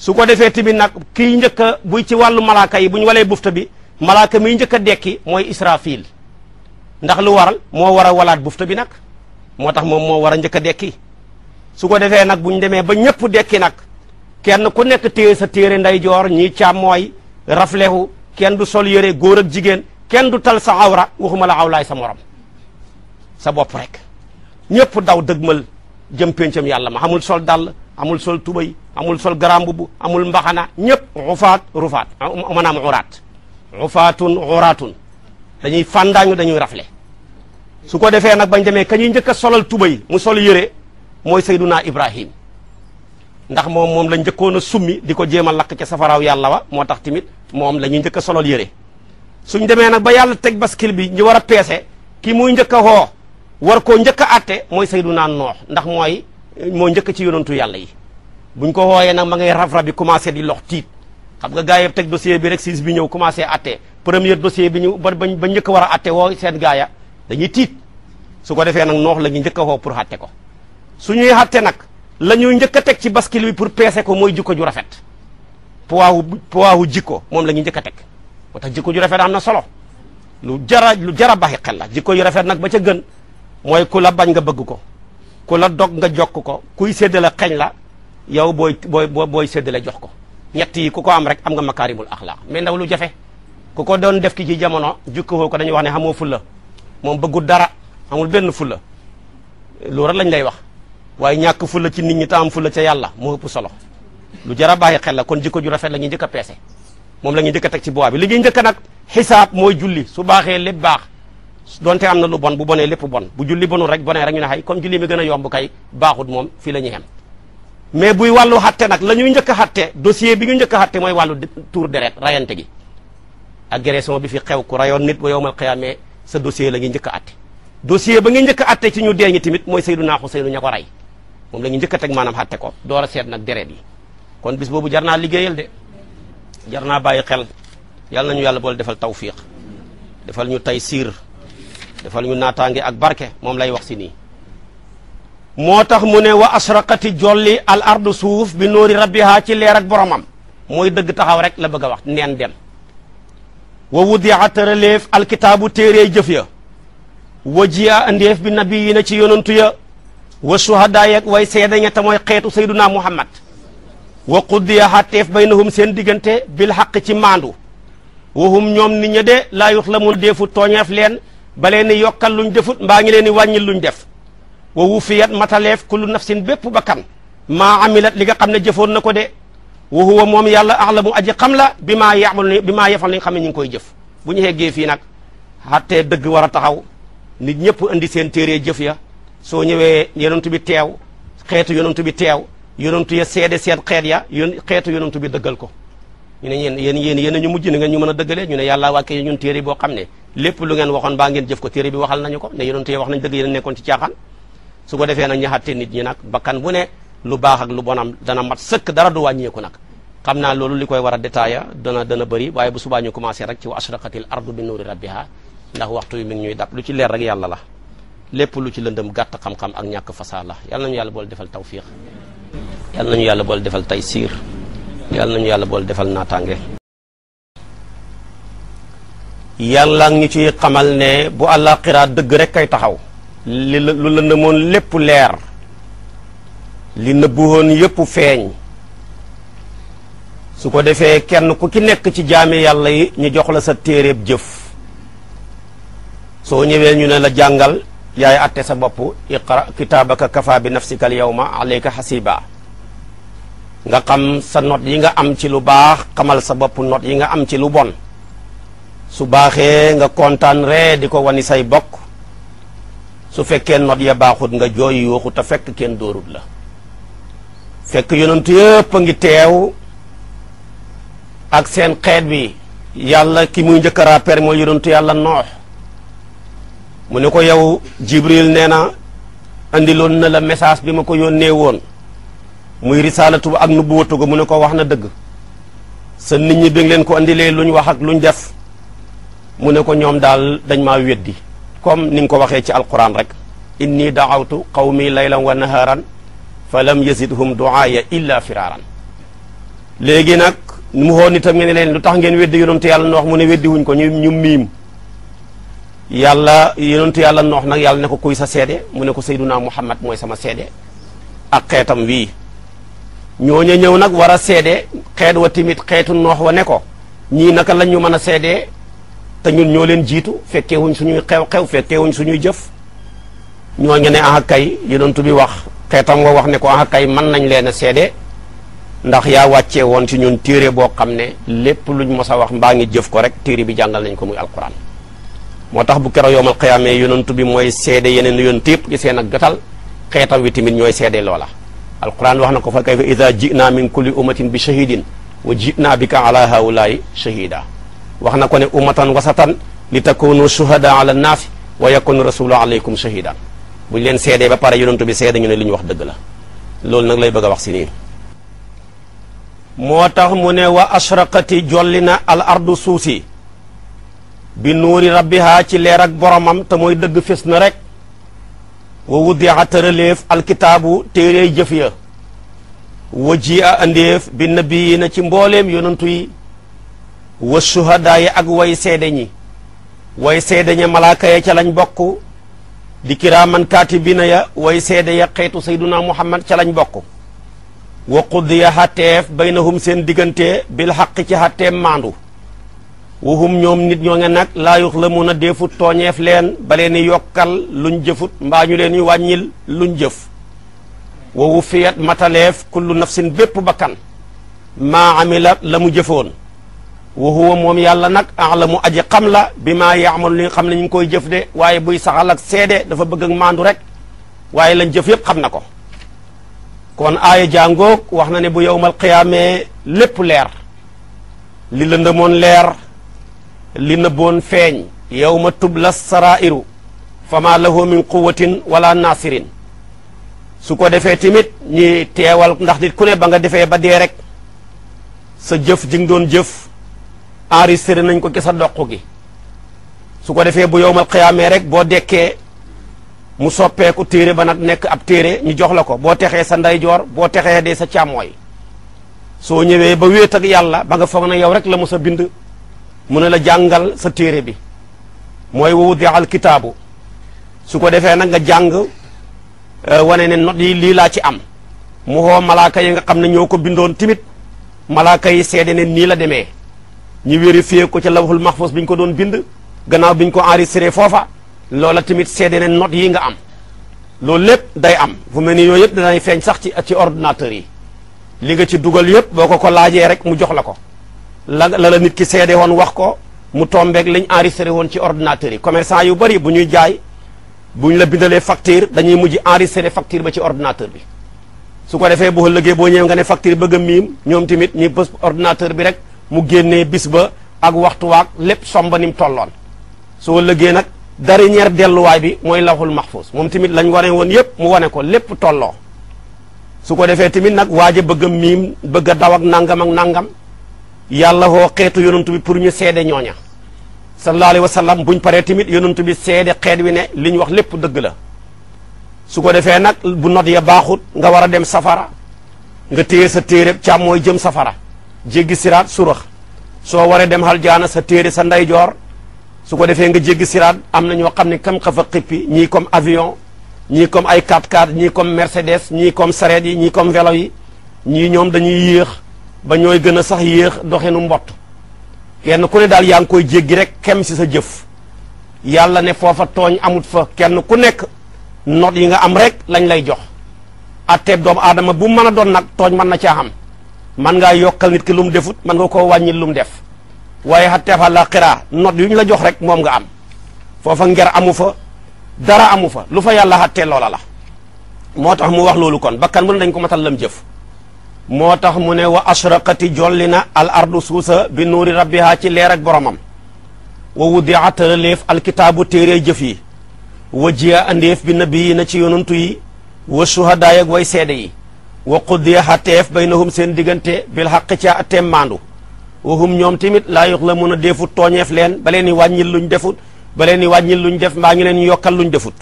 su ko defee tamit nag ki njëkk a buy ci wàllu malaaka yi bu ñu walee bufta bi malaaka mi njëkk a dekki mooy israfil ndax lu waral moo war a walaat bufta bi nag moo tax moom moo war a njëkk a dekki su ko defee nag bu ñu demee ba ñëpp dekki nag kenn ku nekk téye sa téere ndeyjoor ñii càmmooy raflehu kenn du sol yére góor ak jigéen kenn du tal sa awra waxuma la awlaay sa morom sa bopp rek ñëpp daw dëgmal jëm péncam yàlla ma xamul sol dàll amul sol tubay amul sol garambubu amul mbaxana ñëpp ufaat rufaat ah, um, um, maanaam uraat ufaatun uraatun dañuy fàndaañu dañuy rafle su ko defee nag bañ demee ka njëkk a solal tubay mu sol yére mooy sayduna ibrahim ndax moom moom la njëkkoon a summi di ko jéem lakk ca safaraaw yàlla wa moo tax tamit moom la ñuy njëkk a solal suñ demee nag ba yàlla teg baskil bi ñu war a peese ki muy njëkk a xoo war koo njëkk a atte mooy sayduna noox ndax mooy moo njëkk ci yonantu yàlla yi buñ ko wooyee nag ma ngay rab rab bi commencé di lox tiit xam nga gaay yi teg dossier bi rek siis bi ñëw commencé atte premier dossier bi ñu ba ba njëkk war a atte woo seen gaaya dañuy tiit su ko defee nag noox la ñu njëkk a pour atte ko su suñuy atte nag la ñuy njëkk a teg ci bascule bi pour peese ko mooy jikko ju rafet poids poids jikko moom la ñuy njëkk a teg moo tax jikko ju rafet am na solo lu jara lu jara baxi xel la jikko ju rafet nag ba ca gën mooy ku bañ nga bëgg ko ku la dog nga jokk ko kuy seddale xeñ la yow booy booy booy séddale jox ko ñett ku ko am rek am nga makaarimul axlaaq mais ndaw lu jafe ku ko doon def ki ci jamono jukkiwoo ko dañuy wax ne xamoo fulla moom bëggul dara amul benn fulla loolu rek lañ lay wax waaye ñàkk fulla ci nit ñi te am fulla ca yàlla moo ëpp solo lu jar a bàyyi xel la kon jikko ju rafet la ñuy njëkk a peese moom la ñuy njëkk a teg ci bois bi li ñuy njëkk nag xisaab mooy julli su baaxee lépp baax donte am na lu bon bu bonee lépp bon bu julli bonul rek bonee rek ñu ne xay comme julli mi gën a yomb kay baaxut moom fii la ñuy yem mais buy wàllu xatte nag la ñuy njëkk a xatte dossier bi ñu njëkk a xatte mooy wàllu tour deret rayante gi agression bi fi xew ku rayoon nit ba yowmal xiyaamee sa dossier la ngi njëkk a atte dossier ba nga njëkk a atte ci ñu dee ñi tamit mooy Seydunaa Xuseynu ña ko rey moom la ñu njëkk a teg maanaam xatte ko door seet nag deret yi kon bis boobu jar naa liggéeyal de jar naa bàyyi xel yàlla nañu yàlla bool defal tawfiq defal ñu tay siir defal ñu naataange ak barke moom lay wax si nii moo tax mu ne wa asraqati jolli al ardu suuf bi nuuri rabbiha ci leer ak boromam mooy dëgg taxaw rek la bëgg a wax neen dem wa wudia tëraleef alkitaabu téere jëf ya wa andeef bi nabi ci yonantu ya wa suhadaa yeeg way seeda ña te mooy xeetu sayduna muhammad wa quddiya xatteef baynahum seen diggante bil xaq ci maandu wahum ñoom nit ña laa yux deefu tooñeef leen ba leen ni yokkal luñ defut mbaa ngi leen ni wàññil luñ def wa wufiyat mataleef kullu nafsin bépp bakkan maa amilat li nga xam ne jëfoon na ko de wa huwa moom yàlla axlamu aji xam la bi maa yamal bi maa yafal li nga xam ne ñu ngi koy jëf bu ñu xeggee fii nag xattee dëgg war a taxaw ni ñëpp indi seen téere jëf ya soo ñëwee yenoon bi teew xeetu yonent bi teew yonent ya seede seen xeet ya xeetu yonent bi dëggal ko ñu ne yéen yéen yéen yéen ñu mujj ni ngeen ñu mën a dëggalee ñu ne yàlla wàkkee ñun téere boo xam ne lépp lu ngeen waxoon baa ngeen jëf ko téere bi waxal nañu ko ne yonent yi wax nañ dëgg yéen nekkoon ci caaxaan su ko defee nag ñaxatte nit ñi nag bakkan bu ne lu baax ak lu bonam dana mat sëkk dara du wàññeeku nag xam naa loolu li koy war a détaillé dana dana bëri waaye bu subaa ñu commencé rek ci wa ashraqatil ardu bi nuuri rabbiha ndax waxtu wi mi ngi ñuy dab lu ci leer rek yàlla la lépp lu ci lëndëm gàtt xam-xam ak ñàkk fasaa la yàlla nañu yàlla bool defal tawfiq yàlla nañu yàlla bool defal taysir yàlla nañu yàlla bool defal naataange yàlla ngi ci xamal ne bu àllaaxira dëgg rek ay taxaw li lu lëndëmoon lépp leer li nëbbuwoon yépp feeñ su ko defee kenn ku ki nekk ci jaami yàlla yi ñu jox la sa téeréeb jëf soo ñëwee ñu ne la jàngal yaay atte sa bopp iqra kitaabaka kafa bi nafsika yawma alayka xasiba nga xam sa not yi nga am ci lu baax xamal sa bopp not yi nga am ci lu bon su baaxee nga kontaan ree di ko wane say bokk su fekkee note ya baaxut nga jooy yooxu te fekk kenn dóorut la fekk yonent yëpp a ngi teew ak seen xeet bi yàlla ki muy njëkk a rappel mooy yonentu yàlla noox mu ne ko yow Jibril nee na andiloon na la message bi ma ko yónnee woon muy risaalatu ak nubuwatu ko mu ne ko wax na dëgg sa nit ñi bi nga leen ko andilee luñ wax ak luñ def mu ne ko ñoom daal dañ maa weddi comme ni nga ko waxee ci alquran rek inni daawtu qawmi laylan wa naharan fa lam yazidhum duaaya illa firaaran léegi nag mu xoon itam ngeen leen lu tax ngeen weddi yonentu yàlla noox mu ne weddi wuñ ko ñu ñu miim yàlla yonentu yàlla noox nag yàlla ne ko kuy sa seede mu ne ko sayduna muhammad mooy sama seede ak wii ñooña ñëw nag war a seede xeet wa timit xeetu noox wa ne ko ñii naka lañ ñu mën a seedee te ñun ñoo leen jiitu fekkee su suñuy xew-xew fekkee su ñuy jëf ñoo ñooñu ne ah kay yonent bi wax xeetam nga wax ne ko ah kay mën nañ leen a seede ndax yaa wàccee woon si ñun téere boo xam ne lépp luñ mos a wax mbaa ngi jëf ko rek téere bi jàngal nañ ko muy alquran moo tax bu keroog yowmal xiyaamee yonent bi mooy seede yeneen yonent yëpp gisee nag jotal xeetam wi tamit ñooy seede loola. alquran wax na ko fa kayfa ida jina min kulli ummatin bi shahidin wa jina bika ala haulaai shahida wax na ko ne ummatan wasatan li takunu shuhada ala nnaasi wa yakun rasulu alaykum shahidan bu ñu leen seedee ba pare yonentu bi seede ñu ne li ñu wax dëgg la loolu nag lay bëgg a wax si nii moo tax mu ne wa ashraqati jolli na al ardu suusi bi nuuri rabbiha ci leer ak boromam te mooy dëgg fés na rek wa wudia tëraleef alkitaabu téere jëf ya wa ji a andeef bi nabiyina ci mbooleem yonantu yi wa suhadaa yi ak way seede ñi way seede ña malaaka ya ca lañ bokk di kiraaman kaatibiina ya way seede ya xeetu sayduna muhammad ca lañ bokk wa quddiya xatteef baynahum seen diggante bil xaq ci xatteem maandu wahum ñoom nit ñoo nga nag laa yuxlamuuna defut tooñeef leen ba leen di yokkal luñ jëfut mbaa ñu leen di wàññil luñ jëf wa wufiyat mataleef kullu nafsin bépp bakkan ma amilat la mu jëfoon wa huwa moom yàlla nag la mu aji xam la bi maa yaamalu li xam na ñu ngi koy jëf de waaye buy saxalak seede dafa bëgg ak maandu rek waaye lañ jëf yépp xam na ko kon aaya jàngoog wax na ne bu yowmal qiyaamee lépp leer li lëndëmoon leer li nëbboon feeñ ma yawma la sarairu fama lahu min quwatin wala nasirin su ko defee tamit ñi teewal ndax nit ku ne ba nga defee ba dee rek sa jëf ji doon jëf enregistré nañ ko ci sa doq gi su ko defee bu yowmal xiyaamee rek boo dekkee mu soppeeku téere ba nag nekk ab téere ñu jox la ko boo texee sa ndeyjoor boo texee dee sa càmmooy soo ñëwee ba wéet ak yàlla ba nga foog na yow rek la mos a bind mu ne la jàngal sa téere bi mooy wa wudia kitaabu su ko defee nag nga jàng eh, wane ne not yi lii laa ci am mu xoo malaaka yi nga xam ne ñoo ko bindoon timit malaaka yi seede ne nii la demee ñu vérifié ko ca lawhul mahfuz bi ñu ko doon bind gannaaw biñ ko enregistré foofa loola tamit seede ne not yi nga am loolu lépp day am fu mel ni yooyu yëpp danay feeñ sax ci ci ordinateur yi li nga ci dugal yëpp boo ko ko laajee rek mu jox la ko la la la nit ki seede woon wax ko mu tombeeg liñ enregistré woon ci ordinateur yi commerçant yu bari bu ñuy jaay buñ la bindalee facture dañuy mujj enregistré facture ba ci ordinateur bi su ko defee boo ëllëgee boo ñëwee nga ne facture bëgg a miim ñoom tamit ñuy bës ordinateur bi rek mu génnee bis ba ak waxtuwaak lépp somba ni mu tolloon soo ëllëgee nag dernier delluwaay bi mooy lawhul mahfuz moom tamit lañ wane woon yépp mu wane ko lépp tolloo su ko defee tamit nag waaj a bëgg bëgg a daw nangam ak nangam yàlla woo xeetu yonantu bi pour ñu seede ñooña sallallahu alayhi wa sallam buñ paree tamit yonantu bi seede xeet wi ne li ñu wax lépp dëgg la su ko defee nag bu not ya baaxut nga war a dem safara nga téye sa téereb càm mooy jëm safara jéggi siraat surax soo waree dem haljaana sa téere sa ndeyjoor su ko defee nga jéggi siraat am na ñoo xam ne kam xafa xippi ñii comme avion ñii comme ay 4x4 ñii comme Mercedes ñii comme sareet yi ñii comme vélo yi ñii ñoom dañuy yéex ba ñooy gën a sax yéex doxinu mbott kenn ku ne daal yaa ngi koy jéggi rek kem ci sa jëf yàlla ne foofa tooñ amut fa kenn ku nekk note yi nga am rek lañ lay jox atteeb doomu aadama bu mën a doon nag tooñ mën na caa xam man ngaa yokkal nit ki lu mu defut man nga koo wàññi lu mu def waaye a atteeb àllaaxira note yu ñu la jox rek moom nga am foofa nger amu fa dara amu fa lu fa yàlla attee loola la moo tax mu wax loolu kon bakkan bu ne dañ ko matal la jëf moo tax mu ne wa ashraqati jolli na al ardu suusa bi nuuri rabbiha ci leer ak boromam wa a tëraleef alkitaabu téere jëf yi wa jiya andeef bi nabi yi na ci yonantu yi wa suhadaay ak way seede yi wa qudiya xateef baynahum seen diggante bil xaq ca atteem maandu wa hum ñoom tamit laa yox la mën a deefut tooñeef leen ba leen i wàññil luñ defut ba leen i wàññil luñ def mbaa ngi leen yokkal luñ defut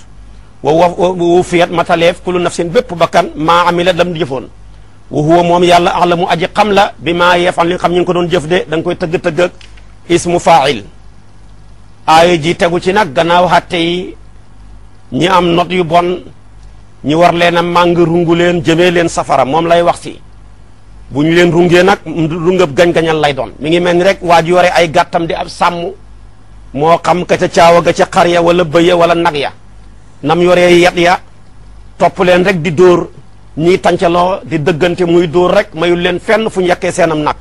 wa wa wufiyat mataleef kullu nafsin bépp bakkan maa amilat lam jëfoon wa huwa moom yàlla alamu aji xam la bi maa yeefal li nga xam ñu ngi ko doon jëf de koy tëgg-tëgg ak ismu faa'il aaya ji tegu ci nag gannaaw xatte tey ñi am not yu bon ñi war leen a màng rungu leen jëmee leen safara moom lay wax si bu ñu leen rungee nag rungab gañ-gañal lay doon mi ngi mel ni rek waa ji yore ay gàttam di ab sàmm moo xam ka ca caawa ga ca xar ya wala bëy ya wala nag ya nam yoree yet ya topp leen rek di dóor ñiy tàncaloo di dëggante muy dóor rek mayul leen fenn fu ñu yàkkee seenam nakk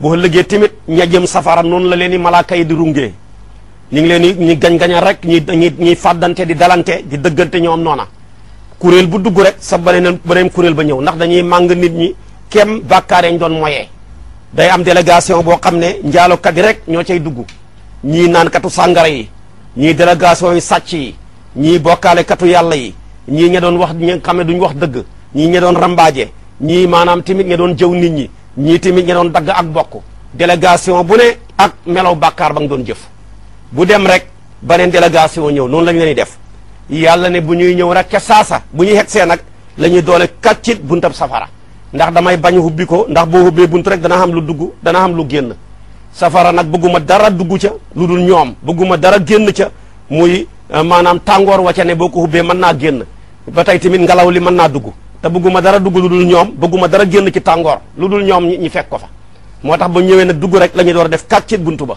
boo lëggee tamit ña jëm safara noonu la leen di malaaka yi di rungee ñu ngi leen i ñi gañ-gaña rek ñi ñi ñuy fàddante di dalante di dëggante ñoom noona kuréel bu dugg rek sa beneen beneen kuréel ba ñëw ndax dañuy màng nit ñi kem bàkkaar yañ doon moyee day am délégation boo xam ne njaalokat yi rek ñoo cay dugg ñii naankatu sàngara yi ñii délégation yi sàcc yi ñii bokkaale katu yàlla yi ñii ña wax ñi ne duñ wax dëgg ñii ñi doon rambaaje ñii maanaam tamit ñi doon jëw nit ñi ñii tamit ñi doon dagg ak bokk délégation bu ne ak melaw bàkkaar ba nga doon jëf bu dem rek ba beneen délégation ñëw noonu la ñu leen def yàlla ne bu ñuy ñëw rek ca saasa bu ñuy see nag la ñuy doole kàccit buntab safara ndax damay bañ hubbi ko ndax boo hubbee bunt rek dana xam lu dugg dana xam lu génn safara nag bëgguma dara dugg ca lu dul ñoom bëgguma dara génn ca muy euh, maanaam tàngoor wa ca ne boo ko hubbee mën naa génn ba tey tamit ngelaw li mën naa dugg te bëgguma dara dugg lu dul ñoom bëgguma dara génn ci tàngoor lu dul ñoom ñi fekk ko fa moo tax ba ñëwee nag dugg rek la ñuy door def kat buntu ba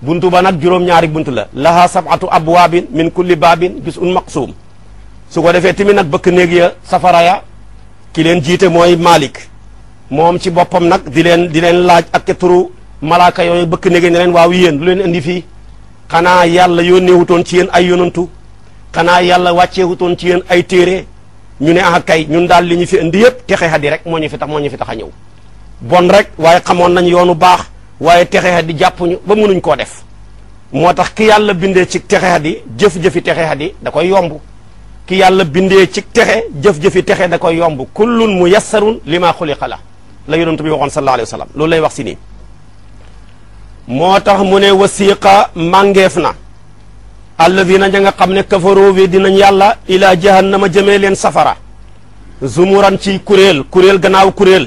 buntu ba nag juróom-ñaari buntu la laha sab'atu abwaabin min kulli baabin juz'un maqsuum su ko defee tamit nag bëkk néeg ya safara ya ki leen jiite mooy Malik moom ci boppam nag di leen di leen laaj ak turu malaaka yooyu bëkk néeg ne leen waaw yéen lu leen indi fii xanaa yàlla yónneewutoon ci yéen ay yonantu xanaa yàlla wàcceewutoon ci yéen ay téere ñu ne ah kay ñun daal li ñu fi indi yëpp texe xadi rek moo ñu fi tax moo ñu fi tax a ñëw bon rek waaye xamoon nañ yoonu baax waaye texe xadi jàppuñu ba mënuñ koo def moo tax ki yàlla bindee ci texe xadi jëf-jëfi texe xadi da koy yomb ki yàlla bindee ci texe jëf-jëfi texe da koy yomb kullun muyassarun lima xuliqa la la yonent bi waxoon sallallahu alayhi wa sallam loolu lay wax si nii moo tax mu ne wasiqa màngeef na alladina ña nga xam ne kafaroo wi dinañ yàlla ilaa jahannama jëmee leen safara zumuran ci kuréel kuréel gannaaw kuréel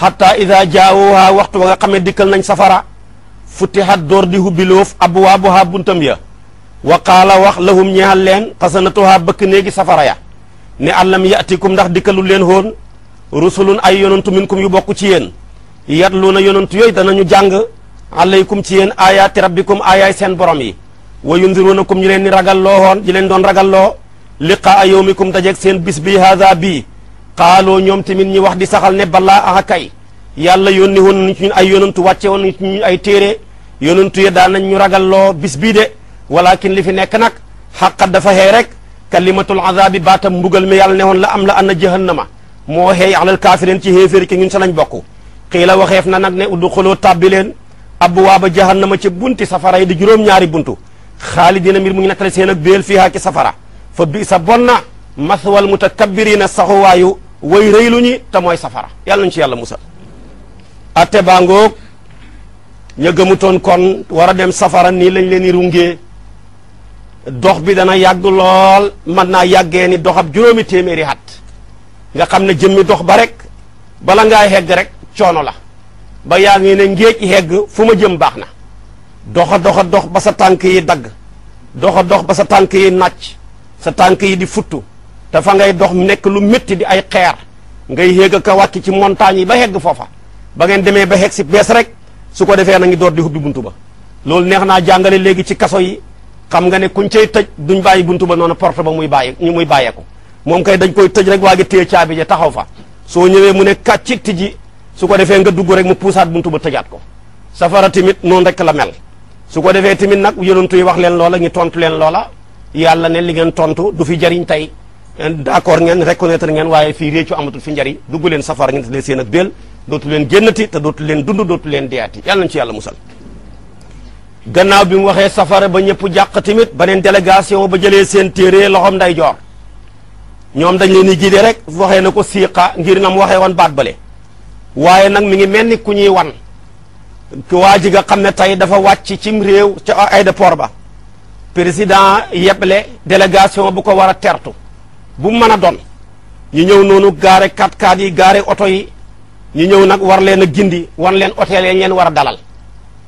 xatta ida jaawooha waxtu wa nga xam ne dikkal nañ safara futtihat door di hubbiloof abwaabuha buntam ya wa qaala wax lahum ñaal leen xasanatuha bëkk néegi safara ya ne allam yatikum ndax dikkalul leen hoon rusulun ay yonantu minkum yu bokku ci yéen yatluuna yonantu yooyu danañu jàng alaykum ci yéen aayaati rabbikum aayaay seen borom yi wa yundirunakum ñu leen di ragal loo woon ñu leen doon a loo liqaa yawmikum dajeeg seen bis bi haada bii xaaloo ñoom tamit ñi wax di saxal ne balaa aha kay yàlla yónni woon nañ ci ñun ay yonantu wàcce woon nañ ci ñun ay téere yonantu ya daan nañ ñu ragal loo bis bii de walakin li fi nekk nag xaqat dafa xëy rek kalimatul azaabi baata mbugal mi yàlla ne woon la am la anna jahannama moo xëy alal kaafirin ci xéeféer ki ñun sa lañ bokk xii la waxeef na nag ne udxuloo tàbbi leen abwaaba jahannama ci bunti safara yi di juróom-ñaari buntu xaalidina mbir mu ngi nettali seen ak béel fiihaa ci safara fa bi sa bon na maswal mutakabbirina saxuwaayu way rëylu ñi te mooy safara yàlla nañu ci yàlla musal atte baangoog ña gëmutoon kon war a dem safara nii lañ leen i rungee dox bi dana yàgg lool mën naa yàggee ni doxab juróomi téeméeri at nga xam ne jëmmi dox ba rek bala ngaa hegg rek coono la ba yaa ngi ne ngéej hegg fu ma jëm baax na doxa doxa dox ba sa tànk yi dagg doxa dox ba sa tànk yi nàcc sa tànk yi di futtu te fa ngay dox nekk lu métti di ay xeer ngay yéeg a a wàcc ci montagne yi ba hegg foofa ba ngeen demee ba hegg si bees rek su ko defee na ngi door di hubbi buntu ba loolu neex naa jàngale léegi ci kaso yi xam nga ne kuñ cay tëj duñ bàyyi buntu ba noonu porte ba muy bàyyi ñu muy bàyyeeku moom kay dañ koy tëj rek waa ngi téye caabi ja taxaw fa soo ñëwee mu ne kàccit ji su ko defee nga dugg rek mu puusaat buntu ba tëjaat ko safara tamit noonu rek la mel su ko defee tamit nag yonantu yi wax leen loola ñu tontu leen loola yàlla ne li ngeen tontu du fi jariñ tey d'accord ngeen reconnaître ngeen waaye fii réccu amatul fi njariñ dugg leen safar ngeen leen seen ak béel dootu leen génnati te dootu leen dund dootu leen deyaati yàlla nañ ci yàlla musal gannaaw bi mu waxee safara ba ñëpp jàq tamit beneen délégation ba jëlee seen téere loxoom nday joor ñoom dañ leen di gide rek waxee na ko siiqa ngir na mu waxee woon baat bale waaye nag ku ñuy wan waa ji nga xam ne tey dafa wàcc cim réew ca aéroport ba président yeble délégation bu ko war a tertu bu mën a doon ñu ñëw noonu gaar 4x4 yi gaare oto yi ñu ñëw nag war leen a gindi wan leen hôtel yi ngeen war a dalal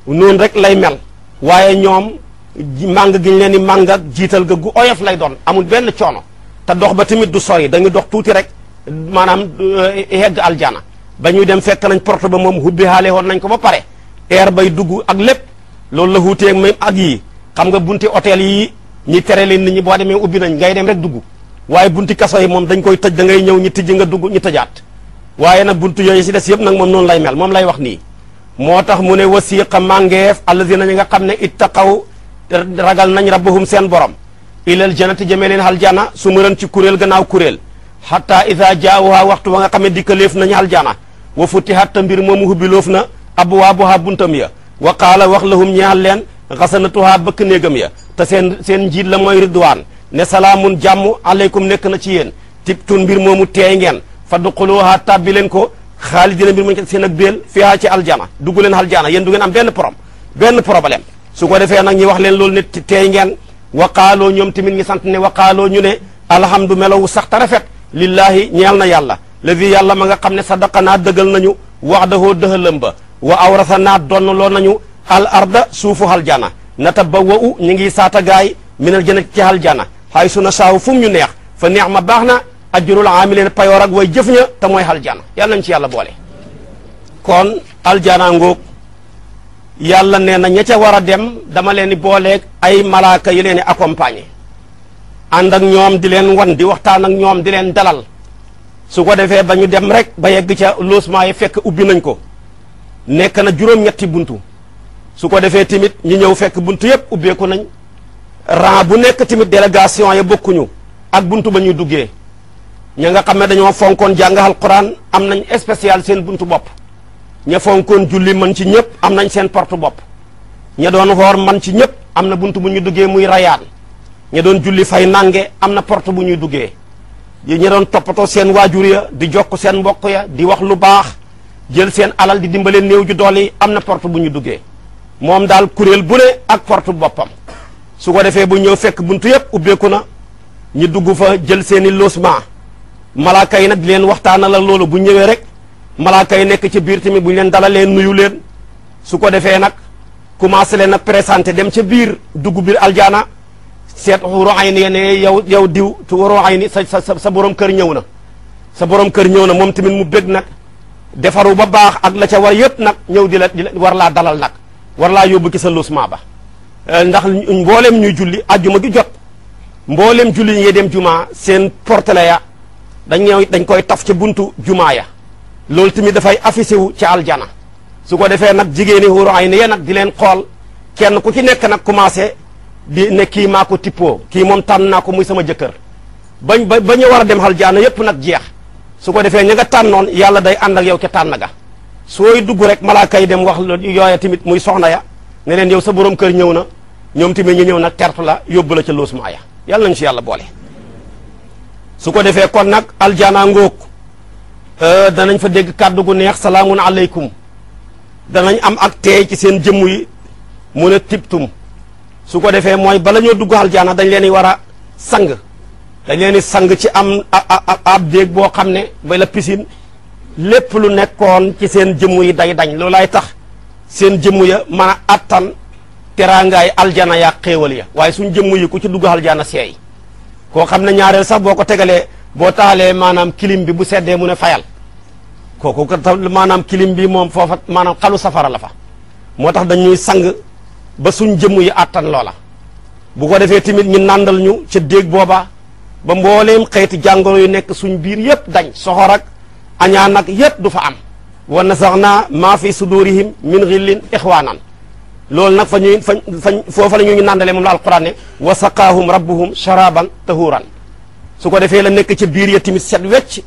noonu rek lay mel waaye ñoom màng giñ leen di màng ak jiital ga gu oyof lay doon amul benn coono te dox ba tamit du sori dañu dox tuuti rek maanaam yegg euh, aljana ba dem fekk nañ porte ba moom hubbi xaale woon nañ ko ba pare air bay dugg ak lépp loolu la wuutee même ak yi xam nga bunti hôtel yi ñi tere leen nit ñi boo demee ubbi nañ ngay dem rek dugg waaye bunti kaso yi moom dañ koy tëj da ngay ñëw ñi tijji nga dugg ñu tëjaat waaye nag buntu yooyu si des yëpp nag moom noonu lay mel moom lay wax nii moo tax mu ne wasiqa màngeef allazina ñi nga xam ne ittaqaw ragal nañu nañ rabbahum seen borom ilal janati jëmee leen aljana su ma ci kuréel gannaaw kuréel hatta iza jaawuha waxtu ba nga xam ne dikkaleef nañu aljana wa futihat mbir moomu hubbiloof na abwaabuha buntam ya wa qaala wax lahum ñaal leen xasanatuha bëkk néegam ya te seen seen njiit la mooy ridwaan ne salaamun jàmm aleykum nekk na ci yéen tibtun mbir moomu teey ngeen fa fadxuluha tàbbi leen ko xaalidina mbir moomu seen ak béel fiha ci aljana dugg leen aljana yéen du ngeen am benn porom benn problème su ko defee nag ñi wax leen loolu ne teey ngeen waqaaloo ñoom tamit ñi sant ne waqaaloo ñu ne alhamdu melowu sax ta rafet lillaahi ñeel na yàlla levi yàlla ma nga xam ne sadaqanaa dëggal nañu wax dahoo dëhalam ba wa awrasanaa donn loo nañu al arda suufu hal jana natabawwa'u ñu ngi saata gaay minal jannati ci hal jana xay su na saaw fu ñu neex fa neex ma baax na ajrul aamileen payoor ak way jëf ña te mooy hal jana yàlla nañ ci yàlla boole kon hal jana yàlla nee na ña ca war a dem dama leen di booleeg ay malaaka yi leen di accompagner ànd ak ñoom di leen wan di waxtaan ak ñoom di leen dalal su ko defee ba ñu dem rek ba yegg ca loosement yi fekk ubbi nañ ko nekk na juróom-ñetti buntu su ko defee tamit ñu ñëw fekk buntu yëpp ubbeeku nañ rang bu nekk tamit délégation ya bokkuñu ak buntu ba ñuy duggee ña nga xam ne dañoo fonkoon jàngal Qur'an am nañ spécial seen buntu bopp ña fonkoon julli mën ci ñëpp am nañ seen porte bopp ña doon woor man ci ñëpp am na buntu bu ñu duggee muy rayaan ña doon julli fay nange am na porte bu ñuy duggee ña doon toppatoo seen waajur ya di jokk seen mbokk ya di wax lu baax jël seen alal di dimbaleen néew ju doole am na porte bu ñu duggee moom daal kuréel bu ne ak porte boppam su ko defee bu ñëw fekk buntu yëpp ubbeeku na ñu dugg fa jël seeni logement malaaka yi nag di leen waxtaana la loolu bu ñëwee rek malaaka yi nekk ci biir tamit bu ñu leen dalal leen nuyu leen su ko defee nag commencé leen nag présenté dem ca biir dugg biir aljaana seet xuuru ay ni ne yow yow diw xuuru ay ni sa sa sa borom kër ñëw na sa borom kër ñëw na moom tamit mu bég nag defaru ba baax ak la ca war yëpp nag ñëw di la di la war laa dalal nag war laa yóbbu ci sa losement ba eh, ndax mboolem ñuy julli ajjuma gi jot mboolem julli ñuy dem juma seen portele ya dañ dañ koy taf ca buntu juma ya loolu tamit dafay affiché wu ca aljana su ko defee nag jigéeni xuuru ay ne nag di leen xool kenn ku ci nekk nag commencé di ne kii maa ko tippoo kii moom tànn naa ko muy sama jëkkër bañ ba ba ñu war a dem aljana yëpp nag jeex su ko defee ña nga tànnoon yàlla day ànd ak yow ca tànna ga sooy dugg rek malaaka yi dem wax yooya tamit muy soxna ya ne leen yow sa borom kër ñëw na ñoom tamit ñu ñëw nag tertu la yóbbu la ca loosuma ya yàlla nañ ci yàlla boole su ko defee kon nag aljana ngóog euh, danañ fa dégg kàddu gu neex salaamun aleykum danañ am ak teey ci seen jëmm yi mu ne tibtum su ko defee mooy bala ñoo dugg aljana dañ leen war a sang dañ sang ci am a déeg boo xam ne ba la piscine lépp lu nekkoon ci seen jëmm yi day dañ loolaay tax seen jëmm ya mën a attan teraangaay aljana yaa xéewal ya waaye suñ jëmm yi ku ci dugg aljana seey koo xam ne ñaareel sax boo ko tegalee boo taalee maanaam kilim bi bu seddee mu ne fayal kooku maanaam kilim bi moom foofa maanaam xalu safara la fa moo tax dañuy sang ba suñ jëmm yi attan loola bu ko defee tamit ñu nàndal ca déeg booba ba mbooleem xeeti jàngoro yu nekk suñ biir yépp dañ soxor ak añaan ak yépp du fa am wa nasaxna maa fi sudurihim min xillin ixwaanan loolu nag fa ñuy fañ fañ foofa la ñu nàndale moom la alquran ne wa saqaahum rabbuhum sharaban tahuran su ko defee la nekk ci biir ya tamit set wecc